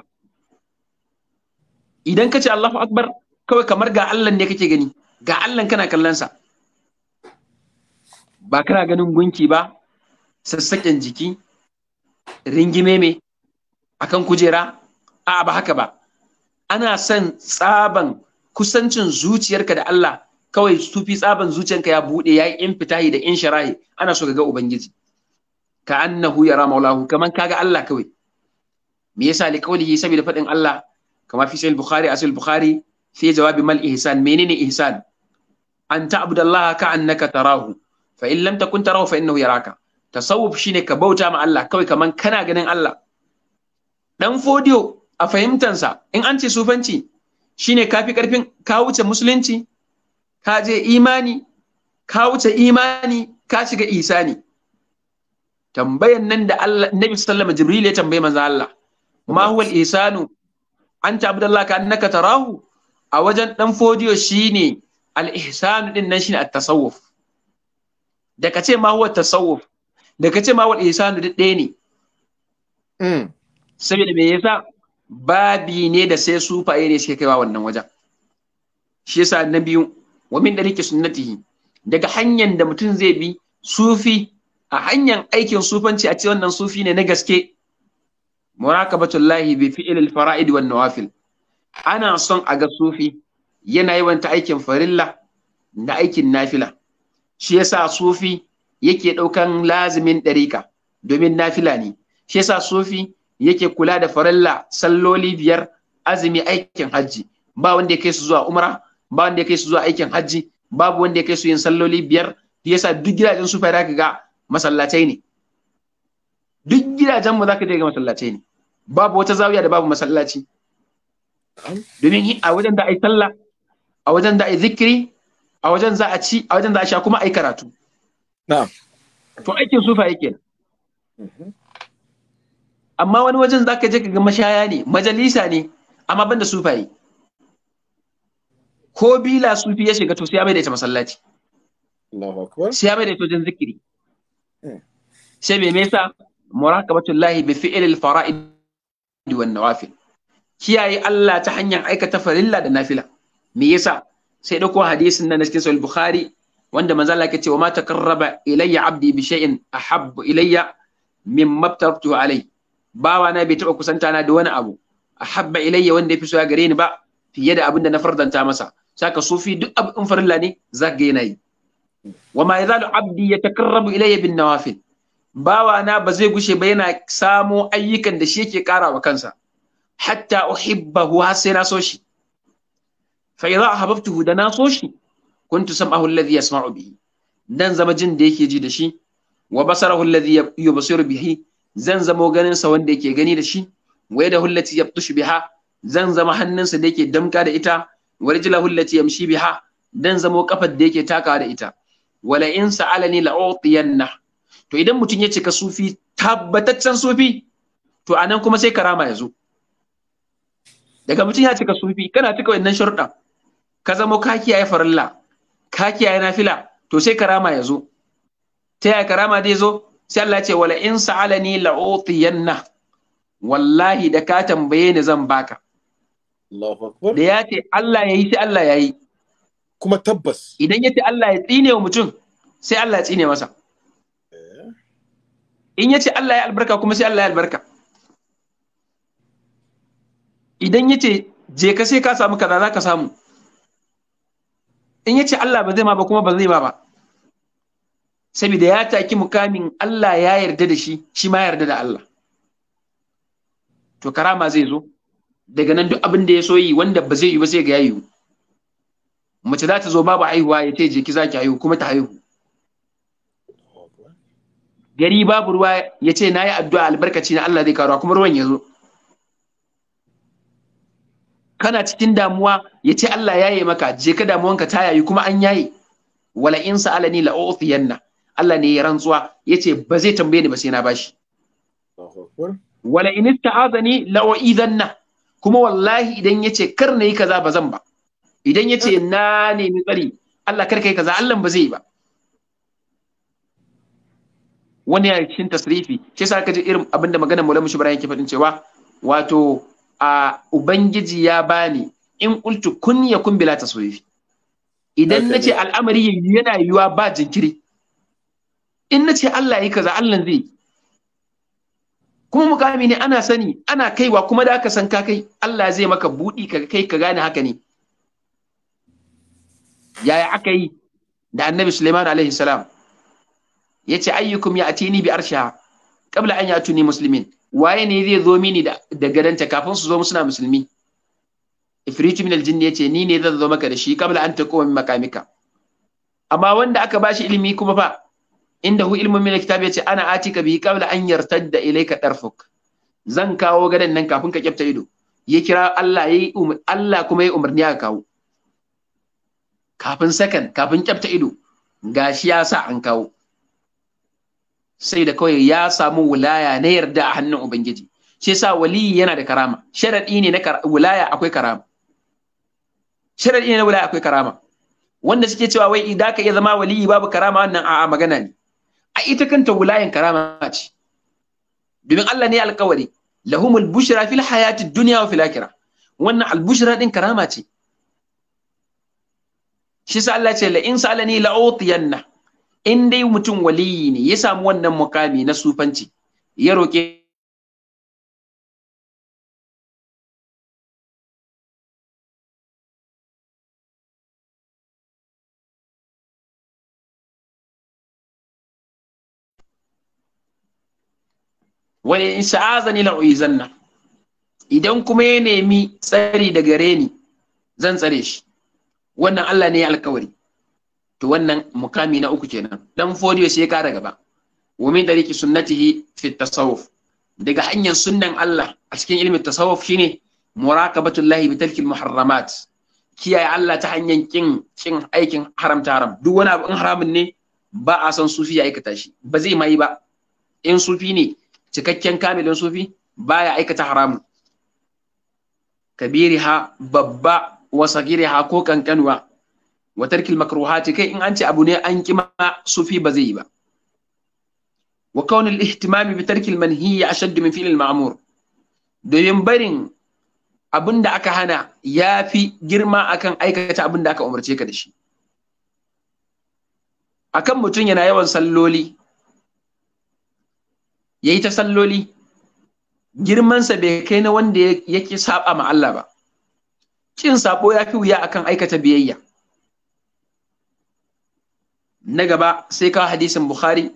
idan ka ce Allahu akbar kawai kamar ga Allah ne kake gani ga Allah kana kallonsa ba kana ganin gunki ba sassaƙen jiki ringime me akan kujera a ba haka ba ana son tsaban kusancin zuciyarka da Allah kawai tufi tsaban zuciyarka ya buɗe ya yi in fitahi da in sharai ana so ka ga ubangiji ka annahu yara maulahu kaman kaga Allah kawai me yasa li qawlihi saboda faɗin Allah kama fi sahih bukhari asul bukhari sai jawabi mal ihsan menene ihsan an Abdullahi ka annaka tarahu fa in lam takun tarahu fa innahu yaraka tasawuf shine ka bauta ma Allah kawai kaman kana ganin Allah dan fodiyo a fahimtansa in an ce sufanci shine kafi karfin ka wuce musulunci ka je imani ka wuce imani ka shiga isani tambayan nan da Allah Nabi sallallahu alaihi wasallam Jibril ya tambaye manzo Allah ma isanu ihsanu an ta abdullahi ka annaka tarahu a wajen dan fodiyo shine al ihsanu din nan shine at tasawuf da ka ce ma tasawuf da ka ce ma huwal ihsanu ne mm. saboda me yasa babi ne da sai sufaye ne suke wa wannan wajen shi yasa na biyu wa min dariki sunnatihi daga hanyar da mutum zai bi sufi a hanyar aikin sufanci a ce wannan sufi ne na gaske muraqabatullahi bi fi'l al-fara'id wan nawafil ana son a ga sufi yana yawan ta aikin farilla da aikin nafila shi yasa sufi yake daukan lazimin dariƙa domin nafila ne shi yasa sufi yake kula da farilla salloli biyar azumi aikin hajji ba wanda ya kai su zuwa umra ba wanda ya kai su zuwa aikin hajji babu wanda ya kai su yin salloli biyar yasa duk gidajen sufa da ga masallatai ne duk gidajen mu zaka je ga masallace ne babu wata zawiya da babu masallaci domin a wajen da ai sallah a wajen da ai zikiri a wajen za a ci a wajen za a sha kuma ai karatu na'am to aikin sufa yake mm-hmm. amma wani wajen zaka je ga mashaya ne majalisa ne amma banda sufaye ko bila sufi ya shiga to sai ya mai da ita masallaci sai ya mai da ita wajen zikiri mm. sai me yasa muraqabatullahi bi fi'lil fara'id wan nawafil kiyaye Allah ta hanyar aikata farilla da nafila me yasa sai dauko hadisin na cikin sahih bukhari wanda manzo Allah yake cewa ma takarraba ilayya abdi bi shay'in ahabbu ilayya mimma tartu alayhi bawa na bai taɓa kusanta na da wani abu ahabba ilayya wanda yafi so ya gare ni ba fiye da abin da na fardanta masa saka sufi duk abu in farilla ne zaka ga yana yi wa ma yazalu abdi yatakarrabu ilayya bin nawafil bawana ba zai gushe ba yana samo ayyukan da shi yake karawa kansa hatta uhibbahu har sai na so shi fa idza ahabbtuhu da na so shi kuntu sam'ahu alladhi yasma'u bihi dan zama jin da yake ji da shi wa basarahu alladhi yubsiru bihi zan zama ganin sa wanda yake gani da shi wa yadahu allati yabtushu biha zan zama hannunsa da yake damka da ita wa rijlahu allati yamshi biha dan zamo kafar da yake takawa da ita wala in sa'alani la'utiyanna to idan mutum ya cika sufi tabbataccen sufi to anan kuma sai karama ya zo daga mutum ya cika sufi kana cika wannan sharuɗa ka zamo ka kiyaye farilla ka kiyaye nafila to sai karama ya zo ta yaya karama zai zo sai Allah ya ce wala in sa'alani la'utiyanna wallahi da ka tambaye ni zan baka da ya ce Allah ya yi sai Allah ya yi kuma tabbas idan ya ce Allah ya tsine wa mutum sai Allah ya tsine masa in ya ce Allah ya albarka kuma sai Allah ya albarka idan ya ce je ka sai ka samu kaza za ka samu in ya ce Allah ba zai ma ba kuma ba zai ma ba saboda ya taki mukamin Allah ya yarda da shi shi ma yarda da Allah to karama zai zo daga nan duk abin da ya so yi wanda ba zai yi ba sai ga yayi mace za ta zo babu haihuwa ya ce je ki za ki haihu kuma ta haihu gari babu ruwa ya ce na yi addu'a albarkaci na Allah zai karuwa kuma ruwan ya zo kana cikin damuwa ya ce Allah ya yi maka je ka damuwanka ta yayi kuma an yaye wala in ni la Allah ne ya rantsuwa ya ce ba zai tambaye ni ba sai na bashi wala in ni la'o'i zanna. kuma wallahi idan ya ce kar na yi kaza ba zan ba idan ya ce eh. na nemi tsari Allah kar ka yi kaza Allah ba zai yi ba wani ya tasrifi shi yasa aka ji irin abin da maganar Maulana Mushi Ibrahim ke faɗin cewa wato a ubangiji ya bani in qultu kun yakun bila tasrifi idan nace al'amari yana yiwa ba jinkiri in nace Allah yi kaza Allah zai kuma mukami ne ana sani ana kaiwa kuma da aka san ka kai Allah zai maka buɗi ka kai ka gane haka ne yaya aka yi da annabi Sulaiman alaihi salam Ya ce, ayyukum ya'tini bi arsha qabla an ya'tuni muslimin waye ne zai zo mini da gadanta kafin su zo suna musulmi ifritu min aljinn yace ni ne zan zo maka da shi qabla an ta min makamika amma wanda aka ba shi ilimi kuma fa inda hu ilmun min alkitab yace ana atika bi qabla an yartadda ilayka darfuk zan kawo gadan nan kafin ka kyafta ido ya kira Allah yayi um, Allah kuma ya umarni aka kawo kafin sakan kafin kyafta ido gashi ya sa an kawo sai da kawai ya samu wulaya na yarda a hannun ubangiji shi sa waliyi yana da karama sharaɗi ne na wulaya akwai karama Sharaɗi ne na wulaya akwai karama wanda suke cewa wai idan ka iya zama waliyi babu karama wannan a'a magana ne a ita kanta wulayan karama ce domin Allah ne alkawari al bushra fil hayati dunya wa fil akhirah wannan al-bushra din karama ce shi sa Allah ce la in sa'alani la'utiyanna in dai mutum waliyi ne ya samu wannan mukami na sufanci ya roƙe wani in sha'azani la uizanna idan kuma ya nemi tsari da gare ni zan tsare shi wannan Allah ne ya alkawari to wannan mukami na uku kenan dan fodiyo sai ya kara gaba wa min dariki sunnatihi fi tasawuf daga hanyar sunnan Allah a cikin ilmin tasawuf shine lahi bi tarkil muharramat kiyaye Allah ta hanyar kin kin aikin haramta haram duk wani abu in haramun ne ba a san sufi ya aikata shi ba zai mai ba in sufi ne cikakken kamilin sufi baya aikata haramun kabiriha babba wa sagiriha ko kankanuwa wa tarkil makruhati kai in an ce abu ne an kima sufi ba zai yi ba wa kaun al ihtimam bi tarkil manhiya ashaddu min fi'l al ma'mur domin barin abinda aka hana yafi fi girma akan aikata abinda aka umarce ka da shi akan mutum yana yawan salloli yayi ta salloli girmansa bai kai na wanda yake saba ma Allah ba kin sabo yafi wuya akan aikata biyayya na gaba sai ka hadisin bukhari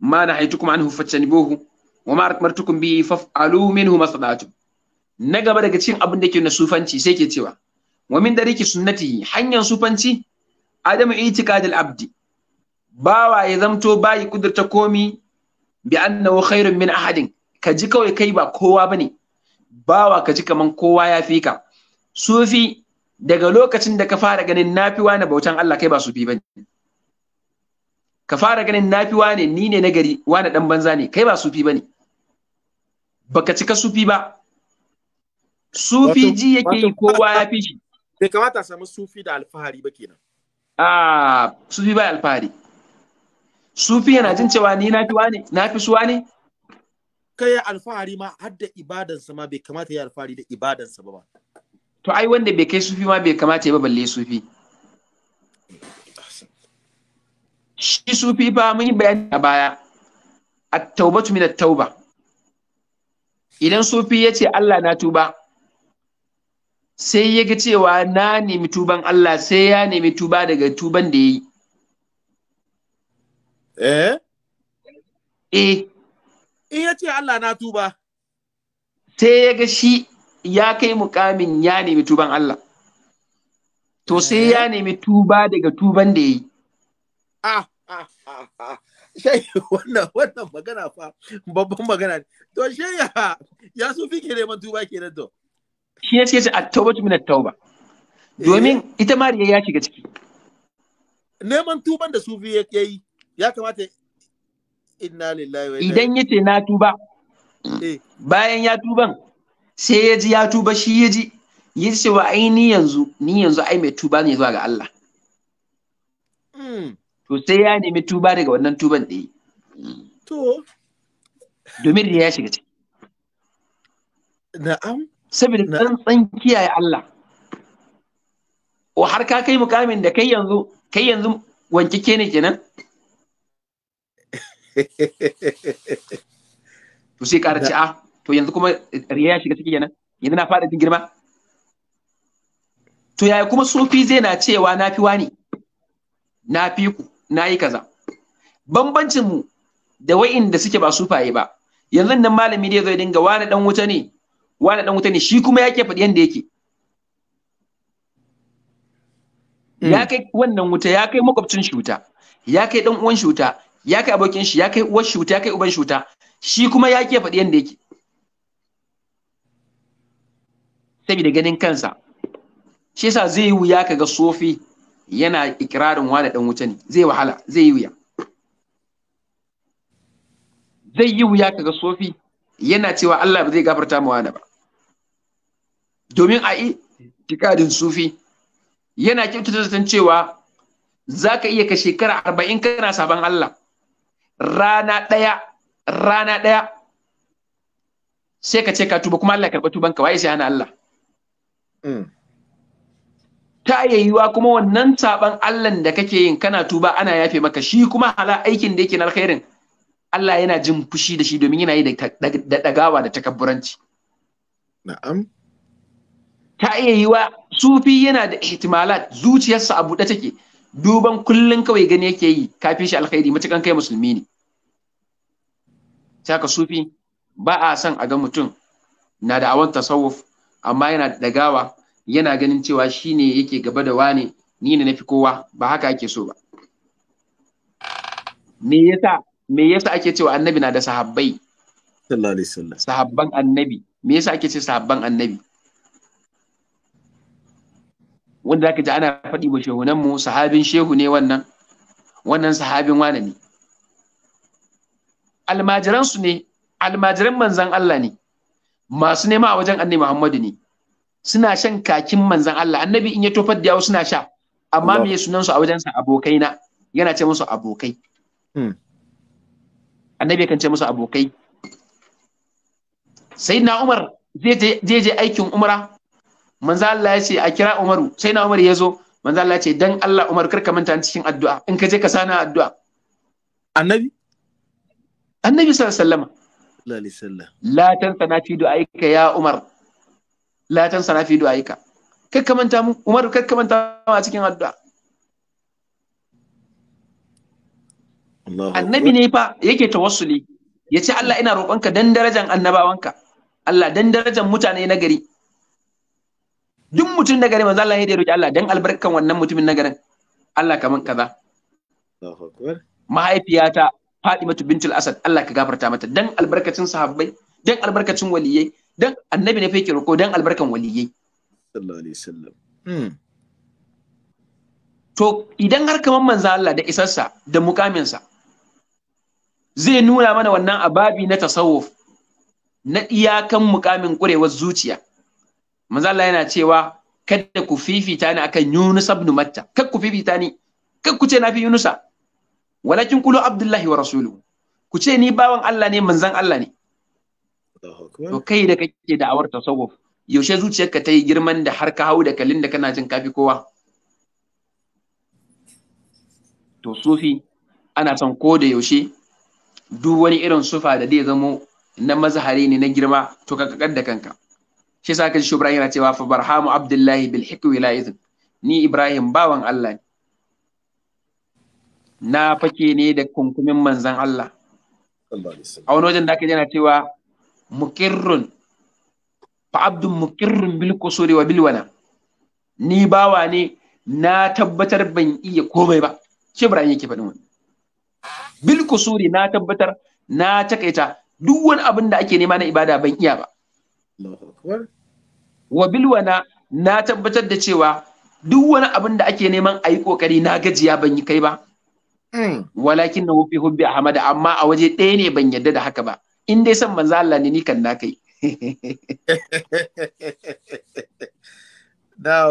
ma na kuma anhu bohu wa ma amartukum bi faf'alu minhu masadatu na gaba daga cikin abin da ke na sufanci sai ke cewa wa min dariki sunnati hanyar sufanci adamu itikadil abdi bawa ya zamto bayi kudurta komi bi annahu khairun min ahadin ka ji kawai kai ba kowa bane bawa ka ji kaman kowa ya fi ka sufi daga lokacin da ka fara ganin nafi wani bautan Allah kai ba sufi bane ka fara ganin na fi wane ni ne nagari wane dan banza ne kai ba sufi ba Ba baka cika sufi ba sufi ji yake yi kowa ya fi shi bai kamata a samu sufi da alfahari ba kenan a sufi ba alfahari sufi yana jin cewa ni na fi wane nafi suwa ne kai alfahari ma har da ibadansa ma bai kamata ya alfahari da ibadansa ba to ai wanda bai kai sufi ma bai kamata ya ba balle sufi shi sufi fa mun yi bayani a baya at-taubatu min at-tauba idan sufi ya ce Allah na tuba sai ya ga cewa na nemi tuban Allah sai ya nemi tuba daga tuban da ya yi eh eh in ya ce Allah na tuba sai ya ga shi ya kai mukamin ya nemi tuban Allah to sai ya eh. nemi tuba daga tuban da ya yi ah <laughs> shai wannan wannan magana fa babban magana ne to shai ya ya su fi ke neman tuba kenan to shi ne ce a tauba min tauba eh. domin ita mariya ya shiga ciki neman tuban da sufi ya yi ya kamata inna lillahi wa idan yace na tuba eh. bayan ya tuban sai ya ji ya tuba shi ya ji ya ce wa ai ni yanzu ni yanzu ai mai tuba ne zuwa ga Allah to sai ya nemi tuba daga wannan tuban ɗaya. to domin da ya shiga ciki na'am saboda tsantsan kiyaye Allah o har ka kai mukamin da kai yanzu kai yanzu wankike ne kenan <laughs> to sai ƙara ci a ah, to yanzu kuma riya ya shiga ciki kenan yanzu na faɗa jin girma to yaya kuma sufi zai na cewa na fi wani na fi ku na yi kaza bambancin mu da da suke ba su faye ba yanzu nan malami da zai dinga wani dan wuta ne wani dan wuta ne shi kuma yake faɗi yanda yake ya hmm. kai wannan wuta ya kai makwabcin shi wuta ya kai dan uwan shi wuta ya kai abokin shi ya kai uwar shi wuta ya kai uban shi wuta shi kuma ya ke faɗi yanda yake saboda ganin kansa shi yasa zai yi wuya kaga sofi yana ikirarin wane dan wuce ne zai wahala zai yi wuya zai yi wuya kaga sofi yana cewa Allah ba zai gafarta mu wane ba domin a tikadin sufi yana kyautata zaton cewa za ka iya ka shekara arba'in kana sabon Allah rana ɗaya rana ɗaya sai ka ce ka tuba kuma Allah ya karɓi tubanka waye sai hana Allah mm. ta yayyuwa kuma wannan saban Allah da kake yin kana tuba ana yafe maka shi kuma hala aikin da yake na alkhairin Allah yana jin fushi da shi domin yana yi da dagawa da takabburanci na'am ta iya sufi yana da ihtimalat zuciyarsa a buɗe take duban kullun kawai gani yake yi kafin shi alkhairi matukan kai musulmi ne saka sufi ba a son a ga mutum na da awon tasawuf amma yana da dagawa yana ganin cewa shi ne yake gaba da wane ni ne nafi kowa ba haka ake so ba me yasa me yasa ake cewa annabi na da sahabbai sallallahu alaihi wasallam sahabban annabi me yasa ake ce sahabban annabi wanda zaka ji ana faɗi wa shehunan mu sahabin shehu ne wannan wannan sahabin wane ne almajiran su ne almajiran manzan Allah ne masu nema a wajen annabi Muhammadu ne suna shan kakin manzan Allah annabi in ya tofar da yawo suna sha amma me sunan su a wajensa abokai na yana ce musu abokai hmm. annabi kan ce musu abokai sai na Umar zai je aikin Umra manzan Allah ya ce a kira Umaru sai na Umar ya zo manzan Allah ya ce dan Allah Umar karka manta cikin addu'a in ka je ka sana addu'a annabi annabi sallallahu alaihi wasallam la tansa na fi du'aika ya Umar Latan tan sana fi du'aika kakka manta mu Umar kakka manta a cikin addu'a annabi ne fa yake tawassuli ya ce Allah ina roƙonka dan darajan annabawanka Allah dan darajan mutane na gari duk mutum na gari manzo Allah ya roƙi Allah dan albarkan wannan mutumin na garin Allah kaman kaza mahaifiyata Fatimatu bintul Asad Allah ka gafarta mata dan albarkacin sahabbai dan albarkacin waliyai dan annabi ne fake roko dan albarkan waliyai sallallahu alaihi wasallam hmm. to idan har kaman manzo Allah da isarsa da mukaminsa zai nuna mana wannan ababi na tasawuf na iyakan mukamin kurewar zuciya manzo Allah yana cewa kada ku fifita ni akan Yunus ibn Matta kada ku fifita ni kada ku ce na fi Yunusa walakin kulu Abdullahi wa rasuluhu ku ce ni bawan Allah ne manzan Allah ne to kai da kake da'awar tasawuf yaushe zuciyarka ta yi girman da har ka hau da kalin da kana jin kafi kowa to sufi ana son ko da yaushe duk wani irin sufa da zai zamo na mazhari ne na girma to ka kakar da kanka shi sa kan ibrahim yana cewa fa barhamu abdullahi bil hikwi la izin ni ibrahim bawan allah ne na fake ne da kunkumin manzan allah a wani wajen da aka yana cewa Mukirrun, fa abdun mukirrun bil kusuri wa bil wala ni bawa ne na tabbatar ban iya komai ba shi Ibrahim yake fadin wannan bil kusuri na tabbatar na takaita duk wani abin da ake nema na ibada ban iya ba wa bil wala na tabbatar da cewa duk wani abin da ake neman a yi kokari na gajiya ban yi kai ba hmm. walakin na fi hubbi ahmad amma a waje ɗaya ne ban yadda da haka ba in dai san manzo Allah ne ni kan na kai <laughs>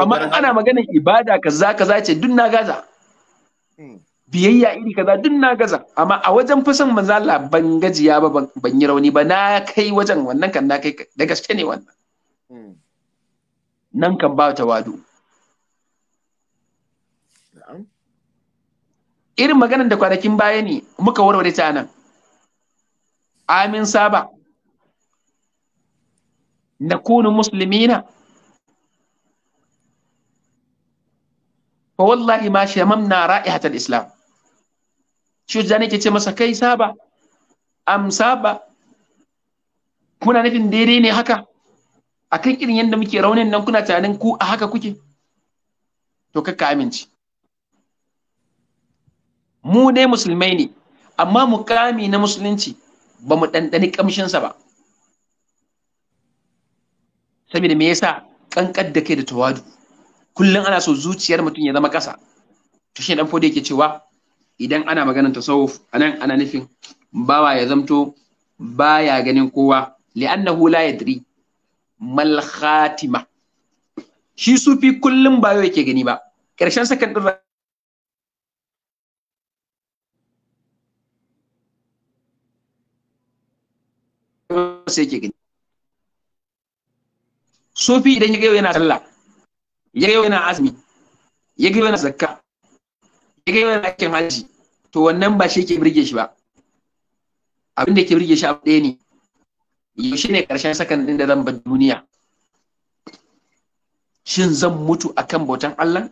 amma in ana maganar ibada kaza kaza ce duk na gaza hmm. biyayya iri kaza duk na gaza amma a wajen fasan manzo Allah ban gajiya ba ban yi rauni ba na kai wajen wannan kan na kai da gaske ne wannan hmm. nan kan ba ta wadu irin maganar da kwanakin baya ne muka warware ta nan amin saba na nakunu musulmina. fa wallahi ma shamamna ra'ihatal islam shi da nake ce masa kai saba am saba kuna nufin daidai ne haka A kan irin yadda muke raunin nan kuna tunanin ku a haka kuke to kakka aminci mu dai musulmai ne amma mukami na musulunci ba mu ɗanɗani ƙamshinsa ba saboda me yasa ƙanƙar da kai da tawadu kullum ana so zuciyar mutum ya zama ƙasa to shi ɗan fodi yake cewa idan ana maganar tasawuf nan ana nufin bawa ya zamto baya ganin kowa li'annahu la yadri mal khatima shi sufi kullum ba yau yake gani ba ƙarshen sakan sai yake gani sufi idan ya ga yana sallah ya ga yana azumi ya ga yana zakka ya ga yana aikin haji to wannan ba shi ke birge shi ba abin da ke birge shi abu ɗaya ne yaushe ne ƙarshen sakan ɗin da zan bar duniya shin zan mutu a kan bautan Allah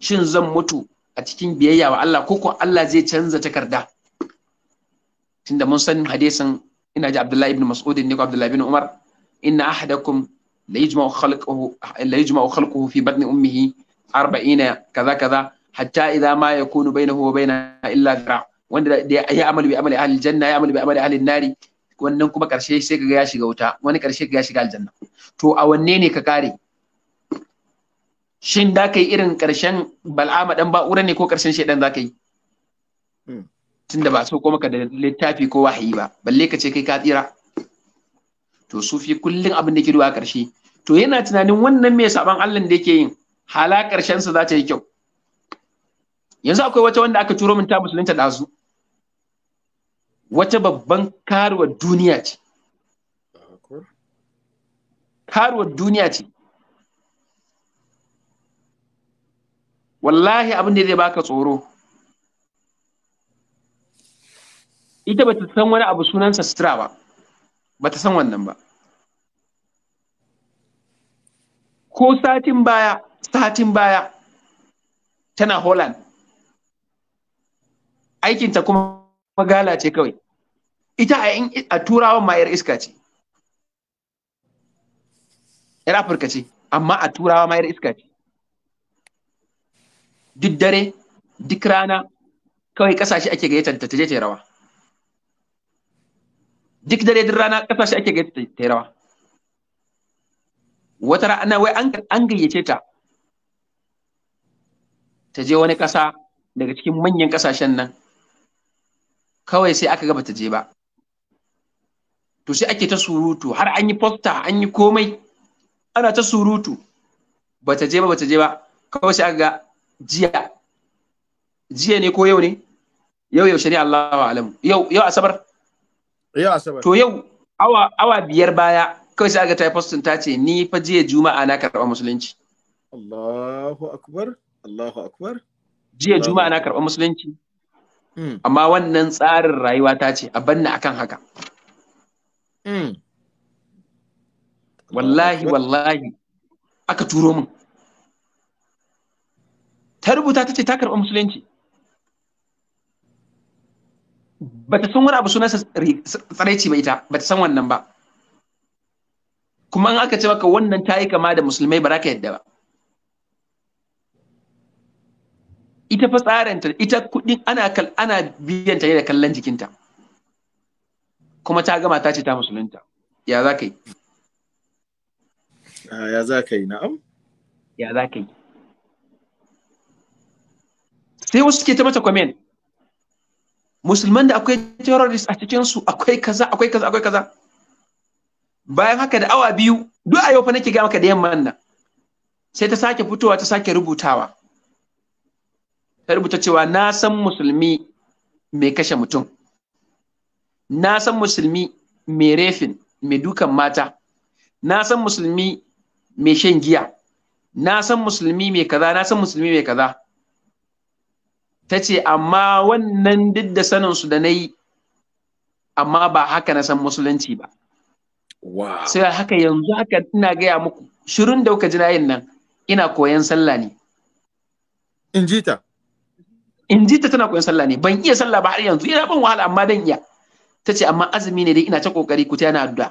shin zan mutu a cikin biyayya wa Allah ko ko Allah zai canza takarda tunda mun san hadisin ina ji abdullahi ibn Mas'udin ne ko abdullahi ibn umar inna ahadakum la yajma'u khalquhu la yajma'u khalquhu fi batni ummihi na kaza kaza hatta idza ma yakunu bainahu wa bainaha illa dhira wanda da ya amalu bi amali ahli janna ya amalu bi amali ahli nari wannan kuma karshe sai kaga ya shiga wuta wani karshe kaga ya shiga aljanna to a wanne ne ka kare shin da kai irin karshen bal'ama dan ba'ura ne ko karshen shedan za ka tunda ba so ko maka da littafi ko wahayi ba balle ka ce kai ka tsira to sufi kullun abin da ke duwa karshe to yana tunanin wannan mai saban Allah da yake yin hala karshen sa za ta yi kyau yanzu akwai wata wanda aka turo min ta musulunta su wata babban karuwar duniya ce karuwar duniya ce wallahi abin da zai baka tsoro ita bata san wani abu sunansa sutura ba bata san wannan ba ko satin baya satin baya tana holland aikinta kuma magala ce kawai ita a turawan ma 'yar iska ce 'yar afirka ce amma a turawa ma 'yar iska ce duk dare duk rana kawai kasashe ake gayyatar ta je ta rawa duk dare duk rana kasashe ake ga ta rawa wata rana wai an gayyace ta ta je wani ƙasa daga cikin manyan ƙasashen nan kawai sai aka gaba ta je ba to sai ake ta surutu har an yi posta an yi komai ana ta surutu Ba ta je ba ba ta je ba kawai sai aka ga jiya jiya ne ko yau ne yau yau shari'a Allahu alamu yau yau asabar To yau awa awa biyar baya kawai sai aga ta postin ta ce ni fa jiya Juma'a na karɓa musulunci. Allahu akbar Allahu akbar. Jiya Juma'a na karɓa musulunci. Hmm. Amma wannan tsarin rayuwa ta ce a banna akan haka. Hmm. Wallahi wallahi aka turo min. Ta rubuta ta ce ta karɓa musulunci. ba ta san wani abu sunansa tsaraici ba ita ba ta san wannan ba kuma in aka ce maka wannan ta yi kama da musulmai ba za ka yadda ba ita fa tsarinta ita kudin ana kal ana biyan ta ne da kallon jikinta kuma ta gama ta ce ta musulunta ya za ka yi ya za ka yi na'am ya za ka yi sai wasu suke ta mata comment musulman da akwai terrorist a cikin su akwai kaza akwai kaza akwai kaza bayan haka da awa biyu duk a yau fa nake ga maka da yamman nan sai ta sake fitowa ta sake rubutawa ta rubuta cewa na san musulmi mai kashe mutum na san musulmi mai refin mai dukan mata na san musulmi mai shan giya na san musulmi mai kaza na san musulmi mai kaza ta ce amma wannan duk da saninsu da na yi amma ba haka na san musulunci ba sai haka yanzu haka ina gaya muku shirin da kuka nan ina koyan sallah ne in ji ta in ji ta tana koyan sallah ne ban iya sallah ba har yanzu ina ban wahala amma dan iya ta ce amma azumi ne dai ina ta kokari ku ta yana addu'a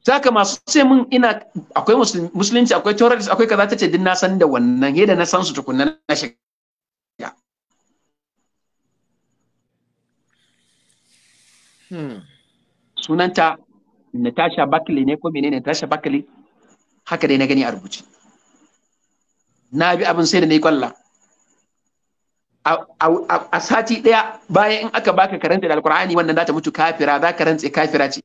saka masu ce mun ina akwai musulunci akwai tauraris akwai kaza ta ce din na san da wannan yadda na san su tukunna na shiga hmm. sunanta Natasha Buckley ne ko menene Natasha Buckley haka dai na gani a rubuce na bi abin sai da na yi kwalla a sati ɗaya bayan in aka baka karanta da alkur'ani wannan za ta mutu kafira za ka rantse kafira ce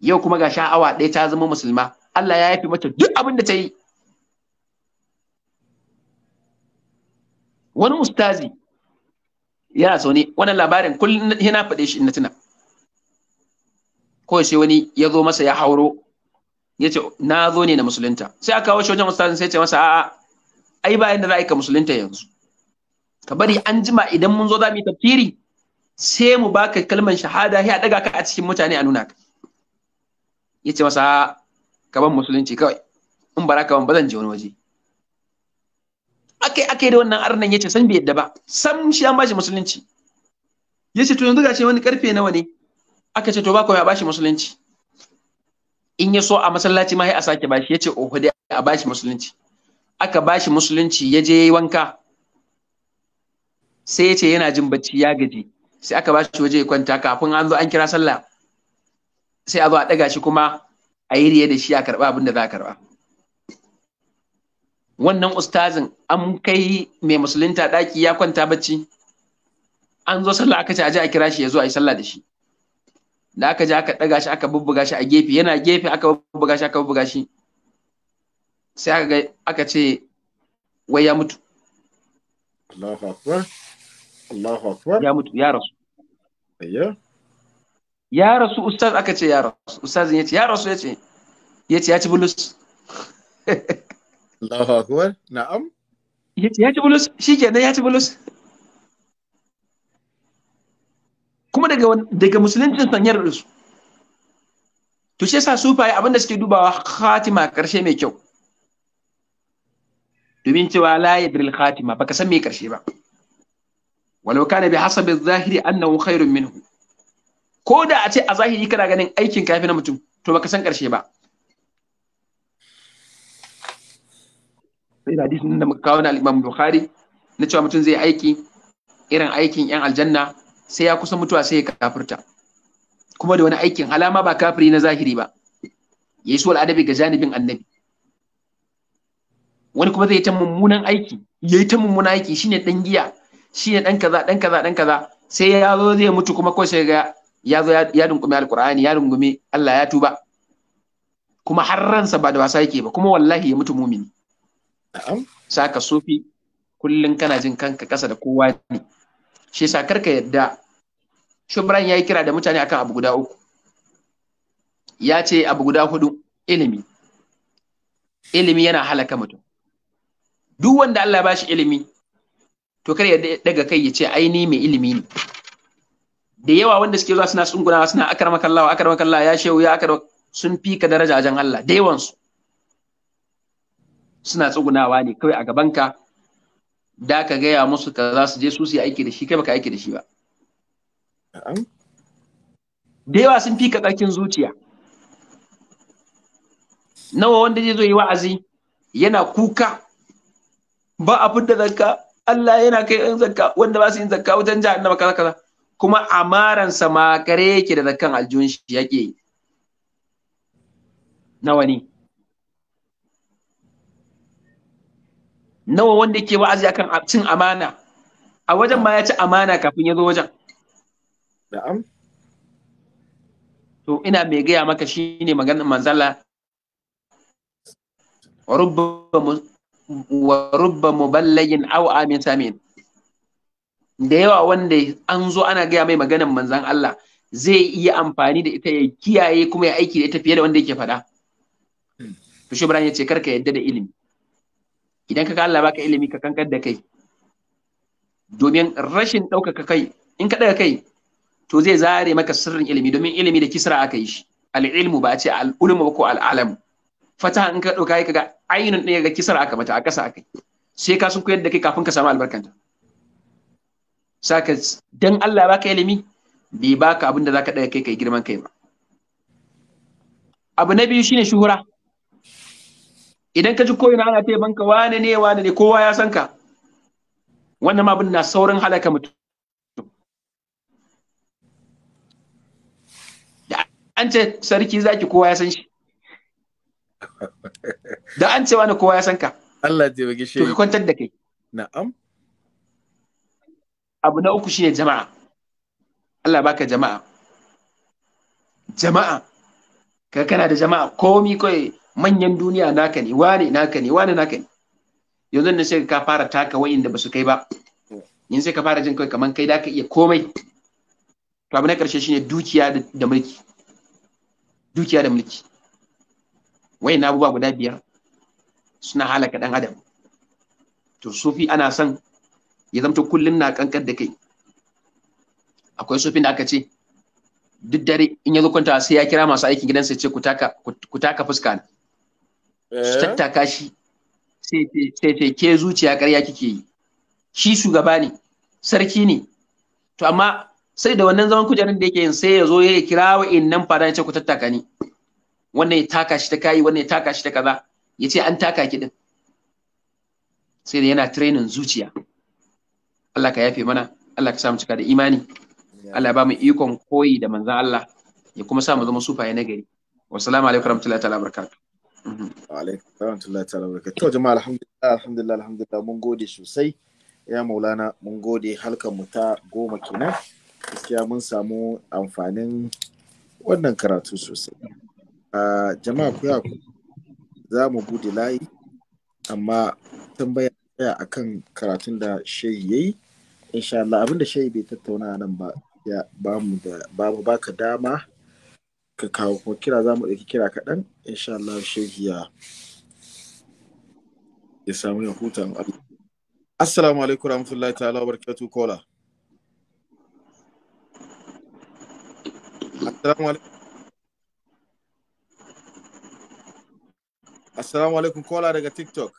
yau kuma ga sha'awa ɗaya ta zama musulma Allah ya yafi mata duk abin da ta yi wani mustazi yana ne wannan labarin kullum yana faɗe shi na tuna ko sai wani ya zo masa ya hauro ya ce na zo ne na musulunta sai aka kawo shi wajen ustazin sai ce masa a'a ai ba yanda za a yi ka musulunta yanzu ka bari an jima idan mun zo za mu yi tafsiri sai mu baka kalmar shahada sai a daga ka a cikin mutane a nuna ka ya ce masa gaban musulunci kawai in ba ka ban ba zan je wani waje akai akai da wannan arnan ya ce san bai yadda ba san shi an bashi musulunci ya ce to yanzu shi wani karfe nawa ne aka ce to ba kawai a bashi musulunci in ya so a masallaci ma sai a sake bashi ya ce "Oh dai a bashi musulunci aka bashi musulunci ya je wanka sai ya ce yana jin bacci ya gaji sai aka bashi waje ya kwanta kafin an zo an kira sallah sai a zo a ɗaga shi kuma a yi riye da shi a karɓa abin da za a karɓa wannan ustazin an kai mai musulunta ɗaki ya kwanta bacci an zo sallah aka ci a je a kira shi ya zo a yi sallah da shi da aka je aka ɗaga shi aka bubbuga shi a gefe yana gefe aka bubbuga shi aka bubbuga shi sai aka ce wai ya mutu Allahu akbar Allahu akbar ya mutu ya rasu ayya ya rasu ustaz aka ce ya rasu ustaz ya ce ya rasu ya ce ya ce ya ci bulus <laughs> Allahu akbar na'am ya ce ya ci bulus shikenan ya ci bulus kuma daga daga musuluncin san yarda su to shi yasa sufaye abinda suke dubawa khatima karshe mai kyau domin cewa la yadril khatima baka san me karshe ba walau kana bi hasabi zahiri annahu khairun minhu ko da a ce a zahiri kana ganin aikin kafin na mutum to baka san karshe ba sai hadisin da muka kawo na al-Imam Bukhari na cewa mutum zai aiki irin aikin yan aljanna sai ya kusa mutuwa sai ya kafirta kuma da wani aikin halama ba kafiri na zahiri ba yayi su al'adabi ga janibin annabi wani kuma zai ta mummunan aiki yayi ta mummunan aiki shine dan giya shine dan kaza dan kaza dan kaza sai ya zo zai mutu kuma ko sai ga ya zo ya dungumi alkurani ya dungumi Allah ya tuba kuma har ransa ba da wasa yake ba kuma wallahi ya mutu mumini saka sufi kullun kana jin kanka kasa da kowa ne shi yasa karka yadda shubran yayi kira da mutane akan abu guda uku ya ce abu guda hudu ilimi ilimi yana halaka mutum duk wanda Allah ya bashi ilimi to kar ya daga kai ya ce ai ni mai ilimi ne da yawa wanda suke zuwa suna tsunguna suna akar makallawa, akar makallawa, ya shehu ya akar sun fi ka daraja ajan Allah da yawan su suna tsugunawa ne kawai a gaban ka da ka gaya musu ka za su je su su aiki da shi kai baka aiki da shi ba da yawa sun fi ka tsarkin zuciya nawa wanda zai zo yi wa'azi yana kuka ba a fidda zakka Allah yana kai in zakka wanda ba su yin zakka wajen jahannama kaza kaza kuma amaransa ma kare yake da zakan aljun shi yake ke, nawa ne nawa wanda yake wa'azi akan cin amana a wajen ma ya ci amana kafin ya zo wajen na'am to ina mai gaya maka shine maganar manzala wa rubba muballigin aw amin samin da yawa wanda an zo ana gaya mai maganan manzan Allah zai iya amfani da ita ya kiyaye kuma ya aiki da ita fiye da wanda yake faɗa. To shi ya ce karka yadda da ilimi. Idan ka ga Allah baka ilimi ka kankar da kai. Domin rashin ɗaukaka kai in ka ɗaga kai to zai zare maka sirrin ilimi domin ilimi da kisra aka yi shi. Al'ilmu ba a ce al'ulmu ko al'alamu. Fata in ka ɗauka ka ga ainihin ɗaya ga kisra aka mata a ƙasa aka yi. Sai ka sun koyar da kai kafin ka samu albarkanta. saka dan Allah baka ilimi bai baka abin da zaka daga kai kai girman kai ba abu na biyu shine shuhura idan ka ji na ana ce banka wane ne wane ne kowa ya san ka wannan ma abin na saurin halaka mutum an ce sarki zaki kowa ya san shi da an ce wani kowa ya san ka Allah ya bugi shi to kwantar da kai na'am abu na uku shine jama'a Allah baka jama'a jama'a ka kana da jama'a komi kai manyan duniya naka ne wane naka ne wane naka ne yanzu nan sai ka fara taka wayin da basu kai ba Yin sai ka fara jin kai kaman kai da ka iya komai to abu na karshe shine dukiya da mulki dukiya da mulki wayan abubuwa guda biyar suna halaka dan adam to sufi ana son ya zamto kullun na kankar da kai akwai sufin da aka ce duk dare in ya zo kwanta sai ya kira masu aikin gidansa ya ce ku taka ku taka fuska su eh? tattaka shi sai ta ke zuciya karya kike yi shi shugaba ne sarki ne to amma sai da wannan zaman kujerar da yake yin sai ya zo ya kira wa nan fada ya ce ku tattaka ni wannan ya taka shi ta kayi wannan ya taka shi ta kaza ya ce an taka ki din sai da yana training zuciya Allah ka yafe mana Allah ka samu cika da imani Allah ba mu ikon koyi da manzo Allah ya kuma sa mu zama sufaye na gari wa salamu alaikum warahmatullahi ta'ala barakatuh mhm. wa alaikum warahmatullahi ta'ala barakatuh to jama'a alhamdulillah alhamdulillah alhamdulillah mun gode sosai ya maulana mun gode halkan mu ta goma kenan gaskiya mun samu amfanin wannan karatu sosai jama'a ku ya za mu bude layi amma tambaya akan karatun da shehi yayi insha Allah abin da shayi bai tattauna nan ba ya ba mu da ba mu baka dama ka kawo ko kira za mu ɗauki kira kaɗan insha Allah shehi ya ya samu ya huta assalamu alaikum warahmatullahi ta'ala wa barakatuh kola assalamu alaikum assalamu alaikum kola daga tiktok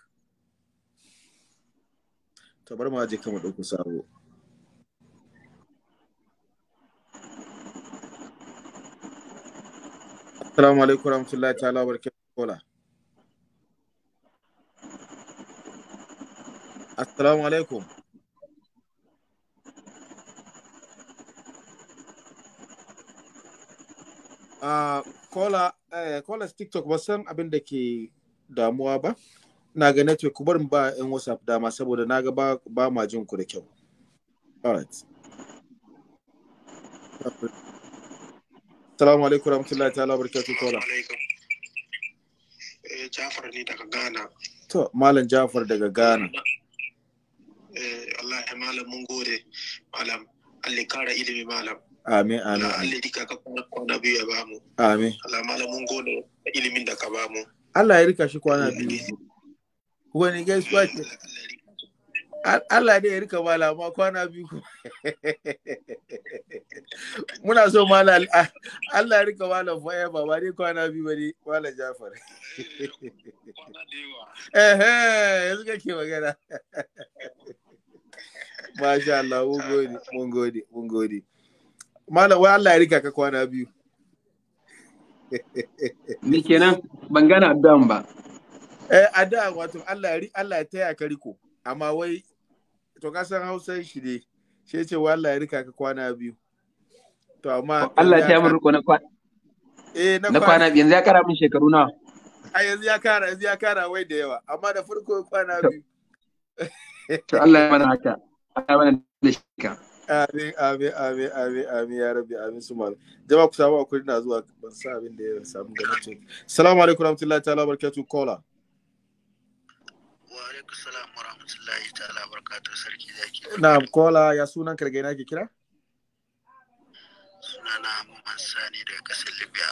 tabar ma je kama ɗauko sabo Assalamu alaikum warahmatullahi ta'ala barakatuh kola. Assalamu alaikum. Uh, kola, eh, kola TikTok ba san abin da ke damuwa ba? Na ga network ku barin ba in WhatsApp dama saboda na ga ba, ba ma jin ku da kyau. All right. Salamu alaikum rahmatullahi ta'ala barkatu kola. Eh Jafar ne daga Ghana. To Malam Jafar daga Ghana. Eh Allah ya malam mun gode malam Allah kara ilimi malam. Amin amin. Allah dika ka kuma kwana biyu ya bamu. Amin. Allah malam mun gode ilimin da ka bamu. Allah ya rika shi kwana eh, biyu. Wani gaisuwa ce. Allah ya Allah ne ya rika ma kwana biyu ku. Muna so mala Allah ya rika mala faya ba ba ne kwana biyu ba ne malam Jafar. Eh yanzu kake magana. Masha Allah mun gode mun gode mun gode. Mala wai Allah ya rika ka kwana biyu. Ni kenan ban gana addu'an ba. Eh addu'a wato Allah ya Allah ya taya ka riko amma wai to ka san hausan shi ne shi ce wa Allah ya rika ka kwana biyu to amma Allah ya mun riko na kwana eh na kwana biyu yanzu ya kara min shekaru nawa a yanzu ya kara yanzu ya kara wai da yawa amma da farko kwana biyu to Allah ya mana haka Allah ya mana da shika Amin, amin, amin, amin, amin, ya rabbi, amin su malam. Jama ku samu akwai na zuwa ban sa abin da ya samu ga mutum. Salamu alaikum warahmatullahi ta'ala barakatuh kola. Wa alaikum salam. rahmatullahi ta'ala barkatu sarki zaki. Na kola ya sunan karge na ke kira? Sunana Muhammad Sani daga kasar Libya.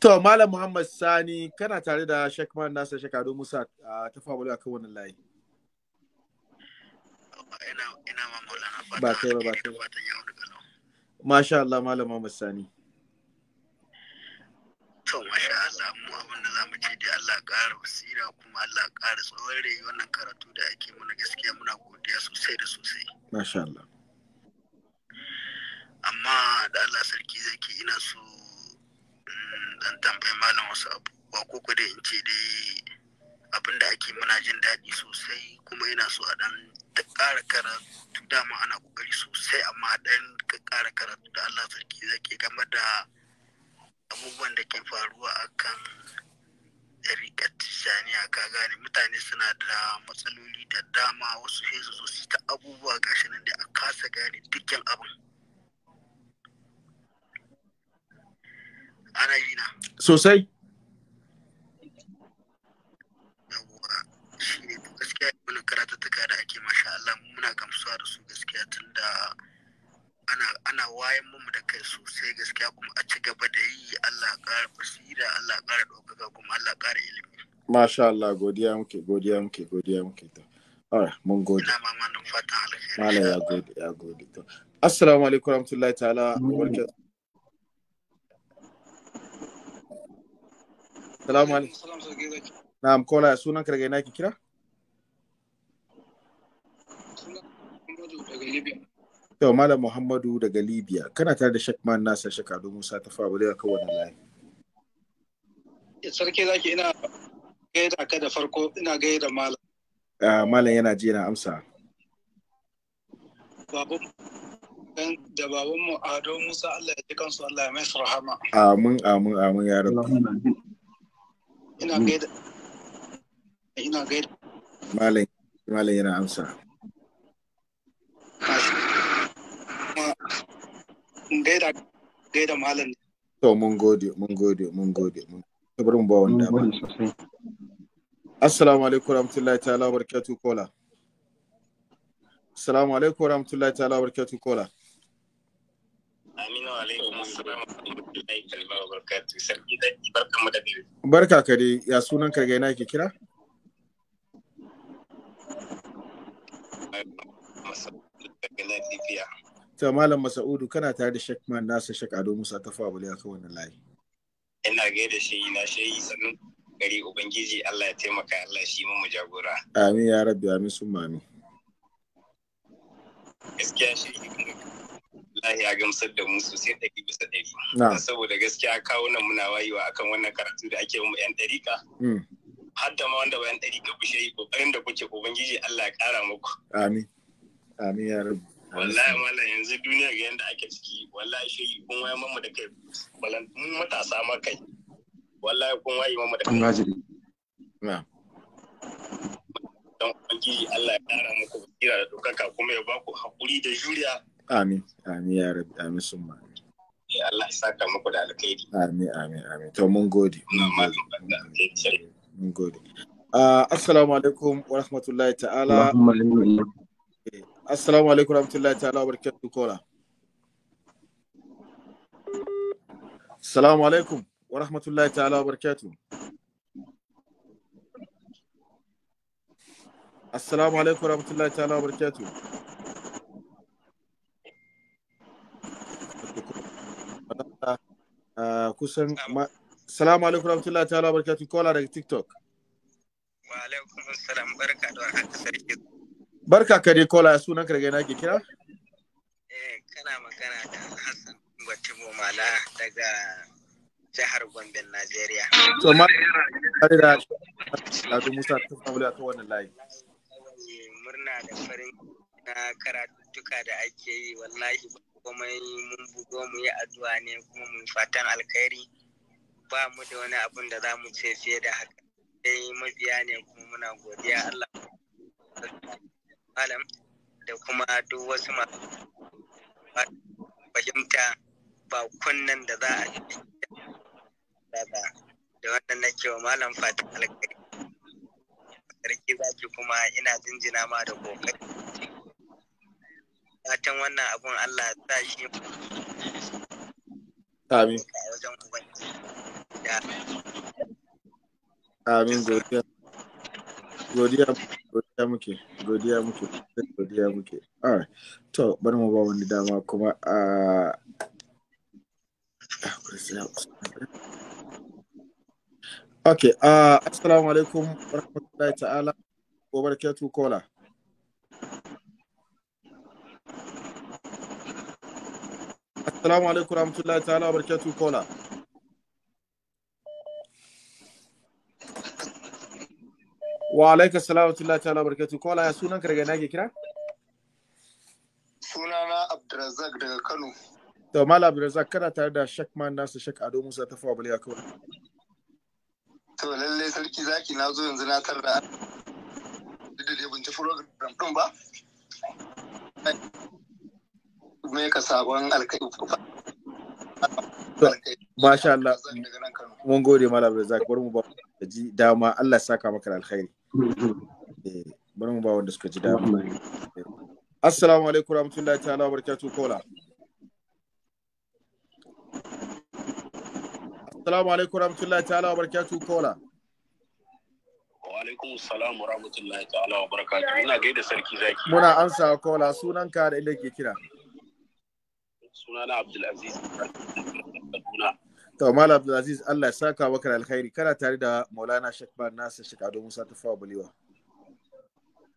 To Malam Muhammad Sani kana tare da Sheikh Man Nasir Shekaru Musa ta famu a kan wannan layi. Ina ina ma Maulana fata. Ba kai ba ba kai. Masha Allah Malam Muhammad Sani. To masha Allah mu abin da zamu ce dai Allah ƙara basira kuma Allah ƙara tsawon rai wannan karatu da ake muna gaskiya muna godiya sosai da sosai. Masha Allah. Amma da Allah sarki zaki ina so dan mm, tambayi malam wasu abubuwa ko koko da in ce dai abin da ake muna jin daɗi sosai kuma ina so a dan ta ƙara karatu dama ana ƙoƙari sosai amma a ɗan ka ƙara karatu da Allah sarki zaki game da abubuwan da ke faruwa akan ɗariƙar tijjaniya ka gane mutane suna da matsaloli da dama wasu sai su zo su ta abubuwa gashi nan da a kasa gane dukkan abin ana yi na sosai shi ne gaskiya wani karatattaka da ake masha Allah muna gamsuwa da su gaskiya tun da ana ana wayan mu da kai sosai gaskiya kuma a ci gaba da yi Allah ƙara basira Allah ƙara ɗaukaka kuma Allah ƙara ilimi Masha Allah godiya muke godiya muke godiya muke ta ah mun gode Ina mama nan fata alheri Mala ya gode ya gode to Assalamu alaikum warahmatullahi ta'ala barkatu Assalamu alaikum Na'am kola sunan karga ina ki kira Sunan daga Libya Yau Malam Muhammadu daga Libya, kana tare da Shekman Nasir Shekadu Musa ta faru daga kowane layi. Sarki zaki ina gaida ka da farko ina gaida Malam. Ah, Malam yana ji yana amsa. Babun da baban mu Ado Musa Allah ya ji kansu Allah ya mai rahama. Amin amin amin ya rabbi. Ina gaida ina gaida. Malam Malam yana amsa. in gaida gaida malam to mun gode mun gode mun gode mun bari mu ba wanda ba assalamu alaikum warahmatullahi ta'ala barakatuh kola assalamu alaikum warahmatullahi ta'ala barakatuh kola aminu alaikum assalamu warahmatullahi ta'ala barakatuh sarki da barkamu barka ka dai ya sunan ka ga ina ke kira Masu daga lafiya. ta malam masa'udu kana tare da shek man nasa shek ado musa ta fa a kan wannan layi ina gaida shi na shi sannan gari ubangiji Allah ya taimaka Allah shi mu jagora amin ya rabbi amin sun mami gaskiya shi lahi ya gamsar da mu sosai ɗari bisa ɗari saboda gaskiya kawo nan muna wayewa akan wannan karatu da ake mu yan ɗarika hmm. har da ma wanda bayan ɗari ka bushe kokarin da kuke ubangiji Allah ya kara muku amin amin ya rabbi wallahi mallam yanzu duniya ga yanda ake ciki wallahi shi kun waye mamu da kai balan mun matasa ma kai wallahi kun waye mamu da kai najiri na'am Allah ya kara muku kira da dokaka kuma ya baku hakuri da juriya amin amin ya rabbi amin summa Allah ya saka muku da alkhairi amin amin amin to mun gode mun gode ah, assalamu alaikum wa rahmatullahi ta'ala Assalamu alaikum rahmatullahi ta'ala wa barakatuh kola. Assalamu alaikum wa rahmatullahi ta'ala wa barakatuh. Assalamu alaikum wa rahmatullahi ta'ala wa barakatuh. Uh, kusan salamu alaikum rahmatullahi ta'ala wa barakatuh kola daga TikTok. Wa alaikum assalam barka da warhaka sarki Barka ka dai kola sunan ka daga ke kira? Eh kana magana da Hassan Gwatibo Mala daga jihar Gombe Najeriya. To ma tare da Alhaji Musa ta samu a ta wannan layi. Eh, murna da farin na karatuttuka da ake yi wallahi kuma mun bugo mu yi addu'a ne kuma mun fatan alkhairi ba mu da wani abun da za mu ce fiye da haka. Dai eh, mabiya ne kuma muna godiya Allah malam da kuma duk wasu masu fahimta ba kunnan da za a yi da wannan na wa malam fatan alkari sarki zaki kuma ina jinjina ma da kokari fatan wannan abun Allah ya sa shi amin amin gaskiya godiya godiya muke godiya muke godiya muke all to bari mu ba wani dama kuma a Okay, uh, assalamu alaikum warahmatullahi ta'ala wa barakatuh kola. Assalamu alaikum warahmatullahi ta'ala wa barakatuh kola. Wa alaika ta ta'ala barkatu. Kola ya sunan karga na ke kira? Sunana Abdulrazak daga Kano. To Mala Abdulrazak kana tare da Shek Man nasu Shek Ado Musa ta fawa baliya kawai. To lalle sarki zaki na zo yanzu na tarda. Duk da ban ci program din ba. Me ka sabon alkai Masha Allah. Mun gode Mala Abdulrazak bari mu ba ji dama Allah saka maka da alkhairi. Eh, bari mu ba wanda suka ji dama eh, assalamu alaikum rahmatullahi ta'ala wa barakatuh kola assalamu alaikum rahmatullahi ta'ala wa barakatuh kola wa alaikum assalam wa rahmatullahi ta'ala wa barakatuh ina gaida sarki zaki muna ansa kola sunan ka da inda ke kira sunana abdulaziz kaduna To Malam Abdulaziz Allah ya saka maka da alkhairi kana tare da Maulana Shakban Nasir Sheikh Musa Tufa Balewa.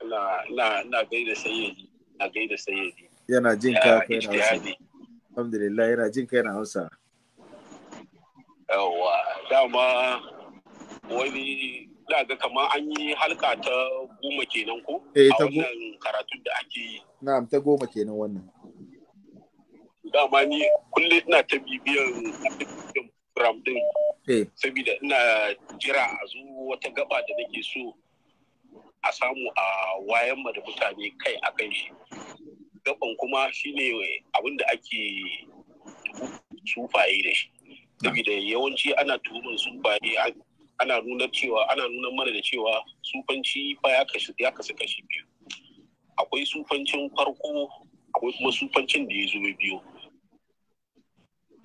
Na na na gaida sayyidi na gaida sayyidi. Yana jin ka kai na Hausa. Alhamdulillah yana jin kai na Hausa. Yawwa dama wani na ga kamar an yi halka ta goma kenan ko? Eh ta goma. karatun da ake yi. Na'am ta goma kenan wannan. dama ni kullum ina ta bibiyan program din eh. saboda ina jira a zo wata gaba da nake so a samu a wayan da mutane kai a kan shi gaban kuma shine abin da ake sufaye da shi saboda yawanci ana tuhumar sufaye ana nuna cewa ana nuna mana da cewa sufanci fa ya kasu kashi biyu akwai sufancin farko akwai kuma sufancin da ya zo biyu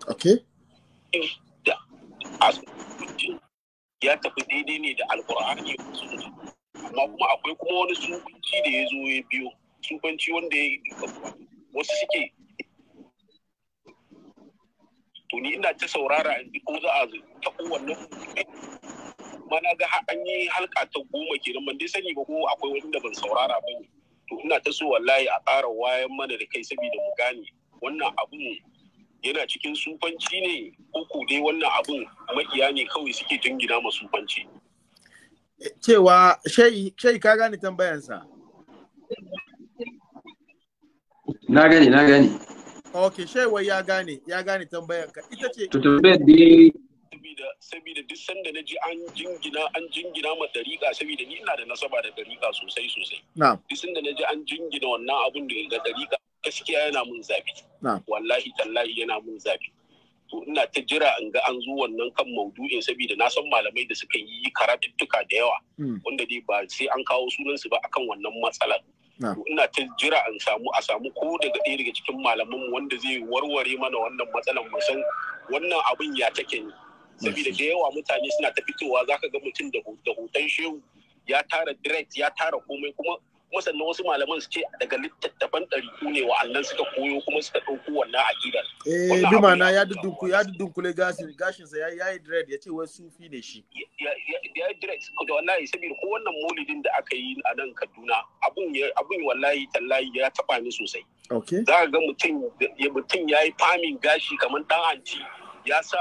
okay eh. a ya tafi daidai ne da alkur'ani amma kuma akwai kuma wani sufanci da ya zo ya biyo sufanci wanda ya wasu suke to ni ina ta saurara in ko za a taɓo wannan mana ga an yi halka ta goma kenan ban dai sani ba ko akwai wani da ban saurara ba ne to ina ta so wallahi a ƙara wayan mana da kai saboda mu gane wannan ne yana cikin sufanci ne ko dai wannan abun makiya ne kawai suke jingina ma sufanci. Cewa shai ka gane tambayansa. Na gane, na gane. Ok, shai wai ya gane, ya gane tambayanka. Ita ce. Tutumbe dai saboda duk sanda na ji an jingina an jingina ma dariƙa saboda ni ina da nasaba da dariƙa sosai sosai duk sanda na ji an jingina wannan abun da ga dariƙa gaskiya yana mun zafi wallahi tallahi yana mun zafi to ina ta jira in ga an zo wannan kan maudu'in saboda na san malamai da suka yi karatuttuka da yawa hmm. wanda dai ba sai an kawo sunansu ba akan wannan matsalar to ina ta jira an samu a samu ko daga ɗaya daga cikin malaman wanda zai warware mana wannan matsalar mu san wannan abin ya take ne saboda da yawa mutane suna ta fitowa zaka ga mutum da hoton shehu ya tara direct ya tara komai kuma kuma sannan wasu malaman suke daga littattafan ɗariku ne wa'annan suka koyo kuma suka ɗauko wannan aƙidar. Eh bi ma'ana ya dudunku ya dudunkule gashin gashin sa ya yi dread ya ce wai sufi ne shi. Ya yi dread da wallahi saboda ko wannan molidin da aka yi a nan Kaduna abun abun wallahi tallahi ya taɓa ni sosai. Okay. Za ka ga mutum ya mutum ya yi famin gashi kamar ɗan anti ya sa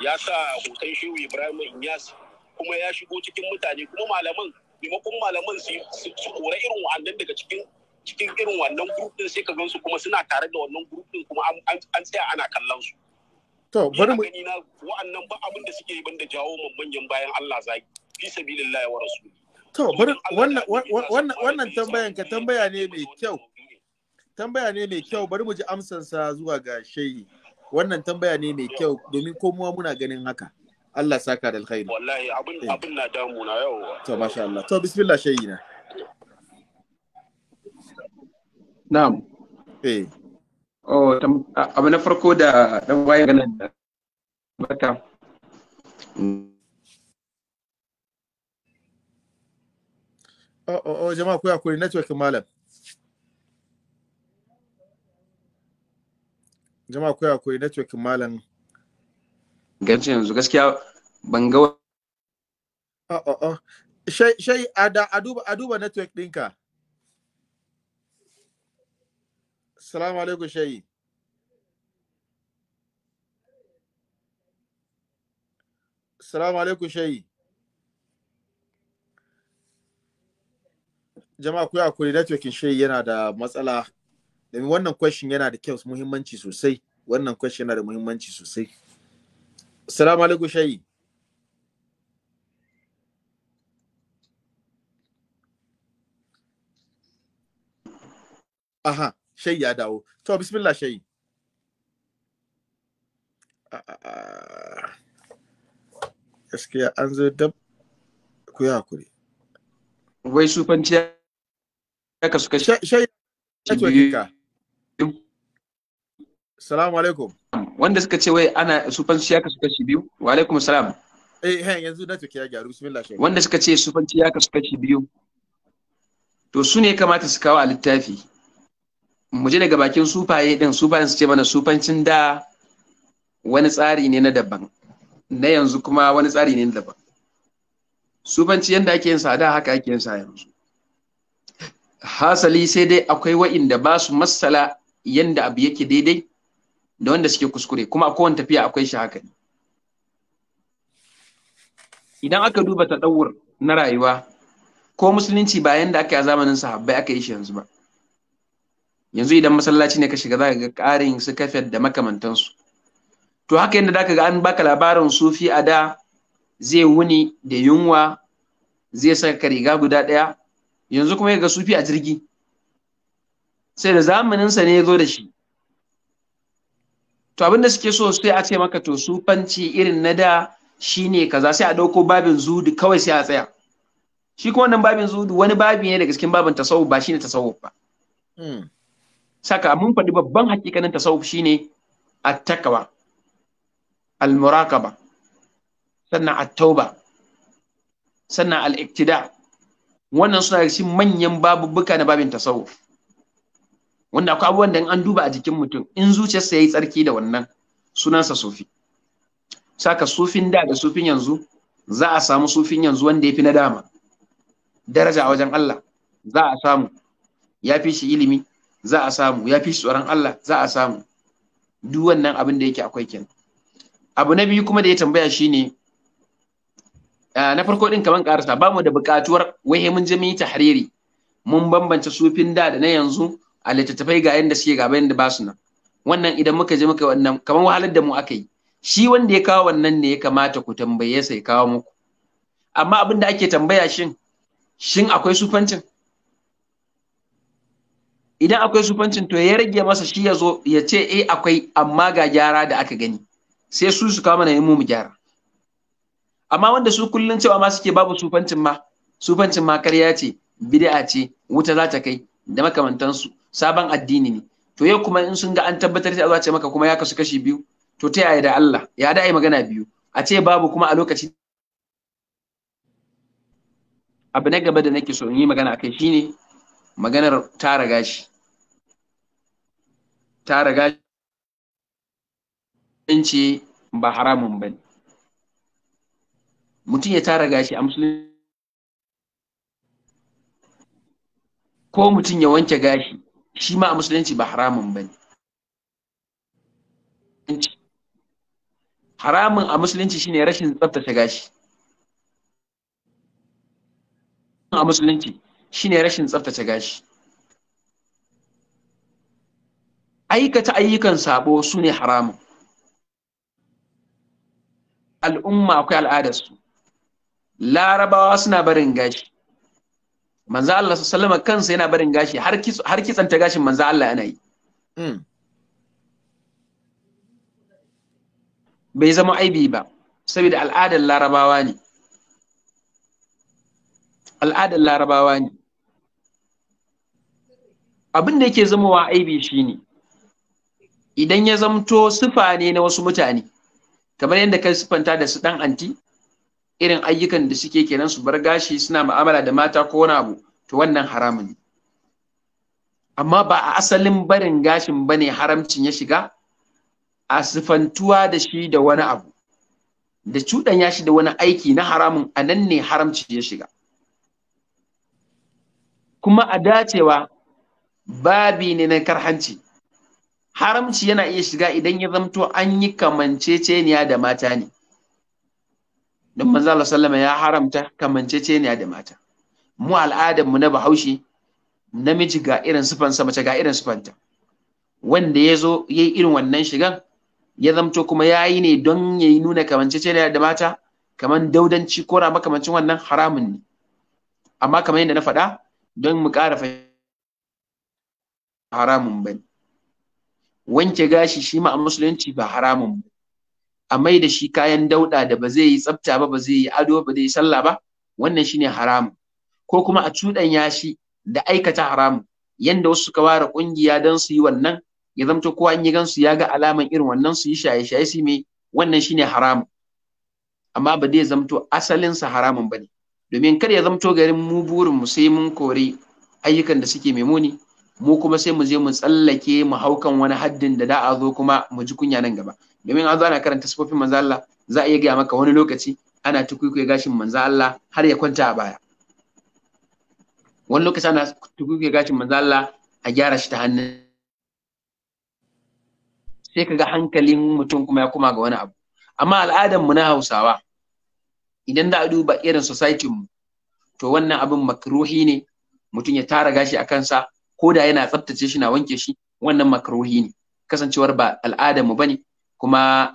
ya sa hoton Shehu Ibrahim Inyas kuma ya shigo cikin mutane kuma malaman maimakon malaman su kora irin wa'annan daga cikin cikin irin wannan group din sai ka gan su kuma suna tare da wannan group din kuma an tsaya ana kallon su to bari mu gani na wa'annan ba abin da suke yi banda jawo mun manyan bayan Allah zaki fi sabilillahi wa rasul to bari wannan wannan tambayan ka tambaya ne mai kyau tambaya ne mai kyau bari mu ji amsansa zuwa ga shehi wannan tambaya ne mai kyau domin komowa muna ganin haka الله ساكا الخير والله ابن إيه. ابن دامونا يو تو ما شاء الله تو بسم الله شينا نعم ايه او تم ابن فرقو دا دم واي غنن بركا او او جماعه كوي اكو نتورك مالك جماعه كوي اكو نتورك مالك ganci yanzu gaskiya ban ga oh, oh, oh. shai a duba network ɗinka Salamu alaikum shai salamu alaikum shai jama'a ku kuri networkin shai yana da matsala domin wannan question yana da kyau muhimmanci sosai wannan question yana da muhimmanci sosai Assalamu shayi. Aha, shayi ya dawo. To, bismillah shayi. Ah, ah, ah. Gaskiya an zo dab ku Wai shufanci ya kasu kashi. Shayi, ya Salamu wanda suka ce wai ana sufanci ya kasu kashi biyu wa alaikum salam eh yanzu na ya gyaru bismillah wanda suka ce sufanci ya kasu kashi biyu to su ne kamata su kawo a littafi mu je daga bakin sufaye din sufayen su ce mana sufancin da wani tsari ne na daban na yanzu kuma wani tsari ne na daban sufanci yanda ake yin sada da haka ake yin sa yanzu hasali sai dai akwai wa'inda ba su matsala yanda abu yake daidai da wanda suke kuskure kuma a kowane tafiya akwai shi haka idan aka duba taɗawar na rayuwa ko musulunci ba da aka yi a zamanin sahabbai aka yi shi yanzu ba yanzu idan masallaci ne ka shiga za ga ƙarin su kafet da makamantansu to haka yadda zaka ga an baka labarin sufi a da zai wuni da yunwa zai saka riga guda ɗaya yanzu kuma ya ga sufi a jirgi sai da zamaninsa ne ya zo da shi to abin da suke so sai a ce maka to su fanci irin na da shine kaza sai a dauko babin zudu kawai sai a tsaya shi kuma wannan babin zudu wani babi ne daga cikin babin tasawuf ba shine tasawuf ba hmm. saka mun faɗi babban hakikanin tasawuf shine at-takawa al-muraqaba sannan a tauba sannan al-iktida wannan suna cikin manyan babubuka na babin tasawuf wanda akwai abubuwan da an duba a jikin mutum in zuciyarsa yayi tsarki da wannan sunansa sufi saka sufin da da sufin yanzu za a samu sufin yanzu wanda yafi na dama daraja a wajen Allah za a samu ya fi shi ilimi za a samu ya fi shi tsoron Allah za a samu duk wannan abin da yake akwai kenan abu na biyu kuma da ya tambaya shine na farko din kaman karasa ba mu da buƙatuwar wai mun je mun yi tahriri mun bambance sufin da da na yanzu a littattafai ga yadda suke ga da ba su nan wannan idan muka je muka wannan kamar wahalar da mu aka yi shi wanda ya kawo wannan ne ya kamata ku tambaye sai kawo muku amma abin da ake tambaya shin shin akwai sufancin idan akwai sufancin to ya rage masa shi ya zo ya ce eh akwai amma ga gyara da aka gani sai su su kawo mana mu mu gyara amma wanda su kullun cewa ma suke babu sufancin ma sufancin ma karya ce bid'a ce wuta za ta kai da makamantansu sabon addini ne to yau kuma in sun ga an tabbatar da ce maka kuma ya kasu kashi biyu to ta yaya da Allah ya da ai magana biyu a ce babu kuma a lokaci abu na gaba da nake so in yi magana akai shine maganar tara gashi tara gashi ce ba haramun bane mutum ya tara gashi a Musulmi ko mutum ya wanke gashi shi ma a musulunci ba haramun ba ne haramun a musulunci shine rashin tsabtace gashi a musulunci shine rashin tsabtace gashi aikata ayyukan sabo su ne haramun al'umma akwai al'adarsu larabawa suna barin gashi manzo Allah sallallahu alaihi kansa yana barin gashi har har kitsanta gashin manzo Allah yana yi hmm. bai zama aibi ba saboda al'adar larabawa ne al'adar larabawa ne abin da yake zamowa aibi shine idan ya zamto sufa ne na wasu mutane kamar yadda kai siffanta da su dan anti irin ayyukan da suke kenan su bar gashi suna mu'amala da mata ko wani abu to wannan haramun ne amma ba a asalin barin gashin bane haramcin ya shiga a sifantuwa da shi da wani abu da cudan ya shi da wani aiki na haramun a nan ne haramci ya shiga kuma a dacewa babi ne na karhanci haramci yana iya shiga idan ya zamto an yi kamanceceniya da mata ne don manzo Allah sallama ya haramta ne da mata mu al'adar mu na bahaushe namiji ga irin sa mace ga irin sufanta. wanda ya zo yayi irin wannan shigan ya zamto kuma ya yi ne don ya yi nuna ne da mata kaman daudanci ko rama kamancin wannan haramun ne amma kamar yadda na faɗa don mu ƙara haramun ba wanke gashi shi ma a musulunci ba haramun ba a mai da shi kayan dauɗa da ba zai yi tsafta ba ba zai yi ado ba zai yi sallah ba wannan shine haramu ko kuma a cuɗanya shi da aikata haramu yanda wasu suka ware ƙungiya don su yi wannan ya zamto kowa in yi gansu ya ga alaman irin wannan su yi shaye-shaye su mai wannan shine haramu amma ba zai zamto sa haramun ba ne domin kar ya zamto garin mu burin mu sai mun kore ayyukan da suke mai muni mu kuma sai mu je mu tsallake mu haukan wani haddin da da a zo kuma mu ji kunya nan gaba domin an zo ana karanta sifofin manzo Allah za a iya gaya maka wani lokaci ana tukuikuye gashin manzo Allah har ya kwanta a baya wani lokaci ana tukuikuye gashin manzo Allah a gyara shi ta hannun sai ka ga hankalin mutum kuma ya koma ga wani abu amma al'adar mu na Hausawa idan da a duba irin society mu to wannan abin makruhi ne mutum ya tara gashi a kansa ko da yana tsaftace shi na wanke shi wannan makruhi ne kasancewar ba al'adar mu bane kuma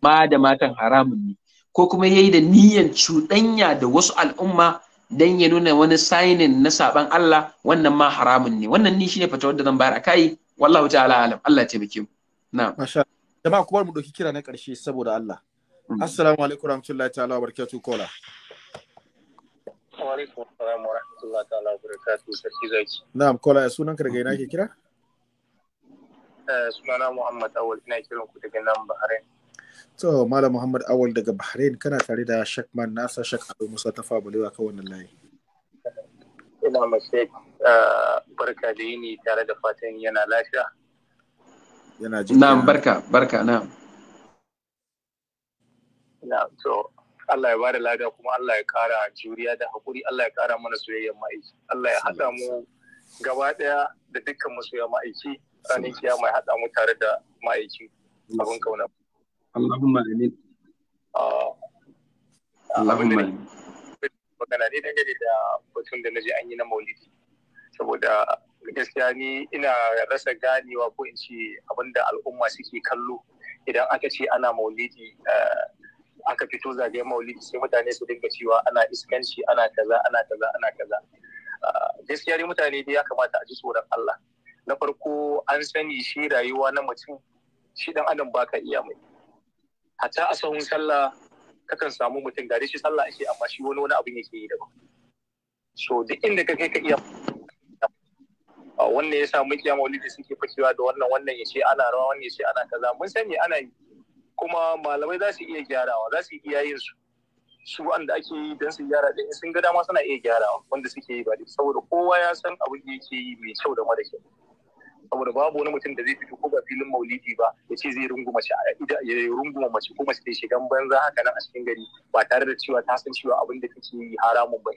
ma da matan haramun ne ko kuma yayi da niyyar cuɗanya da wasu al'umma dan ya nuna wani sainin na saban Allah wannan ma haramun ne wannan ni shine fatawar da zan bayar a akai wallahu ta'ala alam Allah ya taimake mu na'am masha jama'a kuma mu doki kira na karshe saboda Allah mm. assalamu alaikum warahmatullahi ta'ala wabarakatuh kola wa alaikum assalam wa rahmatullahi ta'ala wabarakatuh sarki zaki na'am kola ya sunan ka daga ina ke kira Eh, sunana Muhammad Awal ina kiran ku daga nan Bahrain. To Malam Muhammad Awal daga Bahrain kana tare da Shakman Nasa Shak Ado Musa ta fa fabulewa kan wannan layi. Ina mace eh, barka da yini tare da fatan yana lafiya. Yana ji. Na'am barka barka na'am. Na'am to Allah ya bada lada kuma Allah ya kara juriya da hakuri Allah ya kara mana soyayyar ma'aiki. Allah ya haɗa mu gaba ɗaya da dukkan masoyan ma'aiki. ranar mai ya haɗa mu tare da ma'aikin abin kauna. Allahumma amin. Ah, abin da magana ne dangane da batun da na je an yi na maulidi. Saboda gaskiya ni ina rasa ganewa ko in ce abin da al'umma suke kallo idan aka ce ana maulidi eh, aka fito zagayen maulidi sai mutane su dinga cewa ana iskanci ana kaza ana kaza ana kaza ah, gaskiya ni mutane dai ya kamata a ji tsoron Allah na farko an sani shi rayuwa na mutum shi dan adam baka iya mai hatta a sahun sallah kakan samu mutum gare shi sallah ake amma shi wani wani abin yake yi daban so duk inda ka kai ka iya wannan ya samu iya maulidi suke fashewa da wannan wannan ya ce ana rawa wannan ya ce ana kaza mun sani ana yi kuma malamai za su iya gyarawa za su iya yin su su wanda ake yi don su gyara da sun ga dama suna iya gyarawa wanda suke yi ba saboda kowa ya san abin da yake yi mai kyau da mara kyau saboda babu wani mutum da zai fito ko ba filin maulidi ba ya ce zai runguma mace ya runguma mace ko mace ta shiga banza haka nan a cikin gari ba tare da cewa ta san cewa abin da take yi haramun ba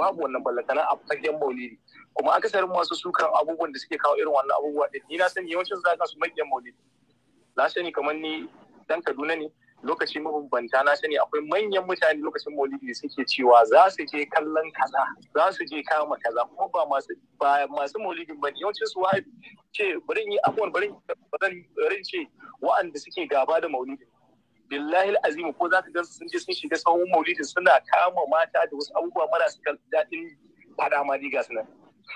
babu wannan ballatana a fagen maulidi kuma akasarin masu sukan abubuwan da suke kawo irin wannan abubuwa din ni na sani yawancin zaka su makiyan maulidi na sani kamar ni dan Kaduna ne Lokacin mabambanta na sani akwai manyan mutane lokacin maulidi suke cewa za su je kallon kaza za su je kama kaza kuma ba masu ba masu maulidi ba yawancin su ce bari yi abubuwan bari ce wa'anda suke gaba da maulidi. billahi azimu ko za ka gansu sun je sun shiga sahun maulidi suna kama mata da wasu abubuwa marasa daɗin fada ma riga suna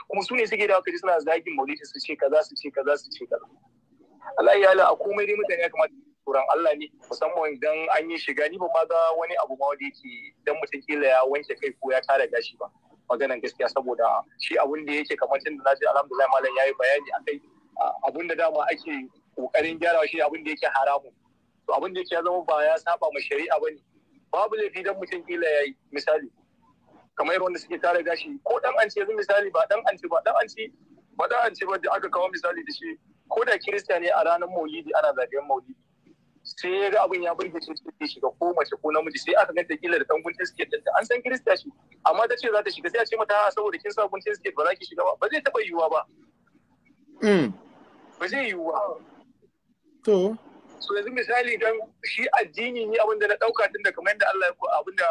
kuma su ne suke da kaji suna zagin maulidi su ce kaza su ce kaza su ce kaza Allah ya a komai dai mutane ya kamata turan Allah ne musamman idan an yi shiga ni ba ma ga wani abu ma wanda yake dan mutum kila ya wanke kai ko ya tara gashi ba maganan gaskiya saboda shi abun da yake kamar tun da na ji alhamdulillah malam yayi bayani akai abun da dama ake kokarin gyarawa shi abun da yake haramu to abun da yake ya zama ba ya saba ma shari'a ba ne babu laifi dan mutum kila yi misali kamar irin wanda suke tara gashi ko dan an ce yanzu misali ba dan an ce ba dan an ce ba dan an ce ba da aka kawo misali da shi ko da kirista ne a ranar maulidi ana zagayen maulidi sai ya ga abin ya burge shi sai shiga ko mace ko namiji sai aka ganta kila da dan guntun siket din an san kirista shi amma ta ce za ta shiga sai a ce mata saboda kin sa guntun siket ba za ki shiga ba ba zai taba yiwuwa ba mm. ba zai yiwuwa to so yanzu misali dan shi addini ne abin da na dauka tun da kamar yadda Allah ya abin da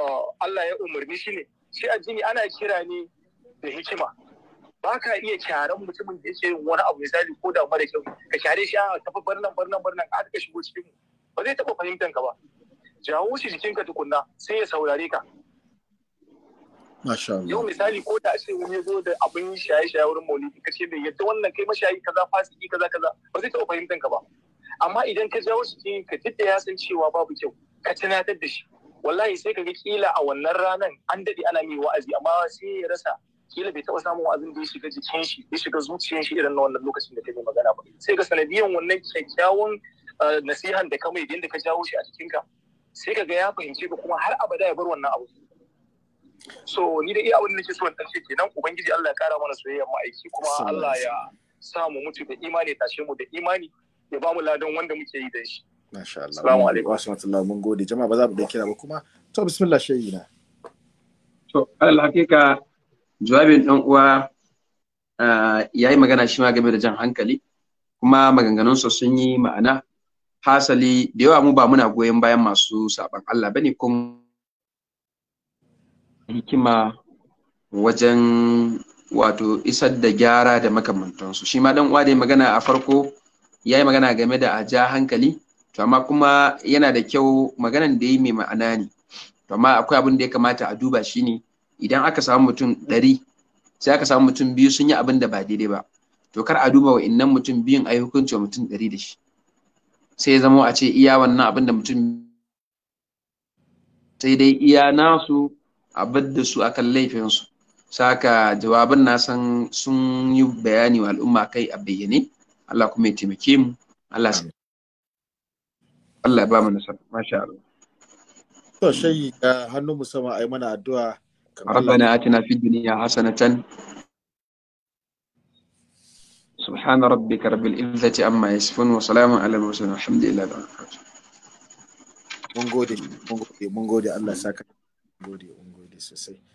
uh, Allah ya umarni shi ne shi addini ana kira ne da hikima ba ka iya kyaran mutumin da yake yin wani abu misali ko da mara kyau ka kyare shi a ah, tafi barnan barnan barnan a ka shigo cikin ba zai taɓa fahimtar ka ba jawo shi jikinka tukunna sai ya saurare ka yau misali ko da ashe wani zo da abin shaye shaye wurin maulidi ka ce bai yadda wannan kai mashayi kaza fasiki kaza kaza ba zai taɓa fahimtar ka ba amma idan ka jawo shi ka duk da ya san cewa babu kyau ka tunatar da shi wallahi sai ka ga kila a wannan ranar an daɗe ana mai wa'azi amma sai ya rasa kila bai taɓa samun wa'azin da ya shiga jikin shi ya shiga zuciyar shi irin na wannan lokacin da ka yi magana ba sai ka sanadiyan wannan kyakkyawan eh, nasihan da ka mai da ka jawo shi a ka sai ka ga ya fahimce ka kuma har abada ya bar wannan abu so ni da iya abin da nake so wannan ce kenan ubangiji Allah ya kara mana soyayya ma'aiki kuma Allah ya sa mu mutu da imani tashe mu da imani ya ba mu ladan wanda muke yi da shi Masha Allah. Assalamu alaikum. Wa rahmatullahi mun gode. Jama'a ba za mu da kira ba kuma. To bismillah shayina. To alal hakika jawabin ɗan uwa ya yi magana shi ma game da jan hankali kuma maganganunsa sun yi ma'ana hasali da yawa mu ba muna goyon bayan masu saban Allah bane kun hikima wajen wato isar da gyara da makamantansu shi ma ɗan uwa da magana a farko ya yi magana game da a ja hankali to amma kuma yana da kyau maganan da yi mai ma'ana ne to amma akwai abin da ya kamata a duba shi ne. idan aka samu mutum ɗari sai aka samu mutum biyu sun yi abin da ba daidai ba to kar a duba wa'innan mutum biyun a yi hukunci wa mutum ɗari da shi sai zama a ce iya wannan abin da mutum sai dai iya nasu a da su akan laifinsu saka jawabin na san sun yi bayani wa al'umma kai a bayyane Allah kuma ya taimake mu Allah Allah ba mu nasara masha Allah to shayi hannu musamman ai mana addu'a ربنا آتنا في الدنيا حسنة سبحان ربك رب العزة أما يصفون وسلام على المرسلين والحمد لله رب العالمين mun gode mun gode mun gode Allah saka gode mun gode sosai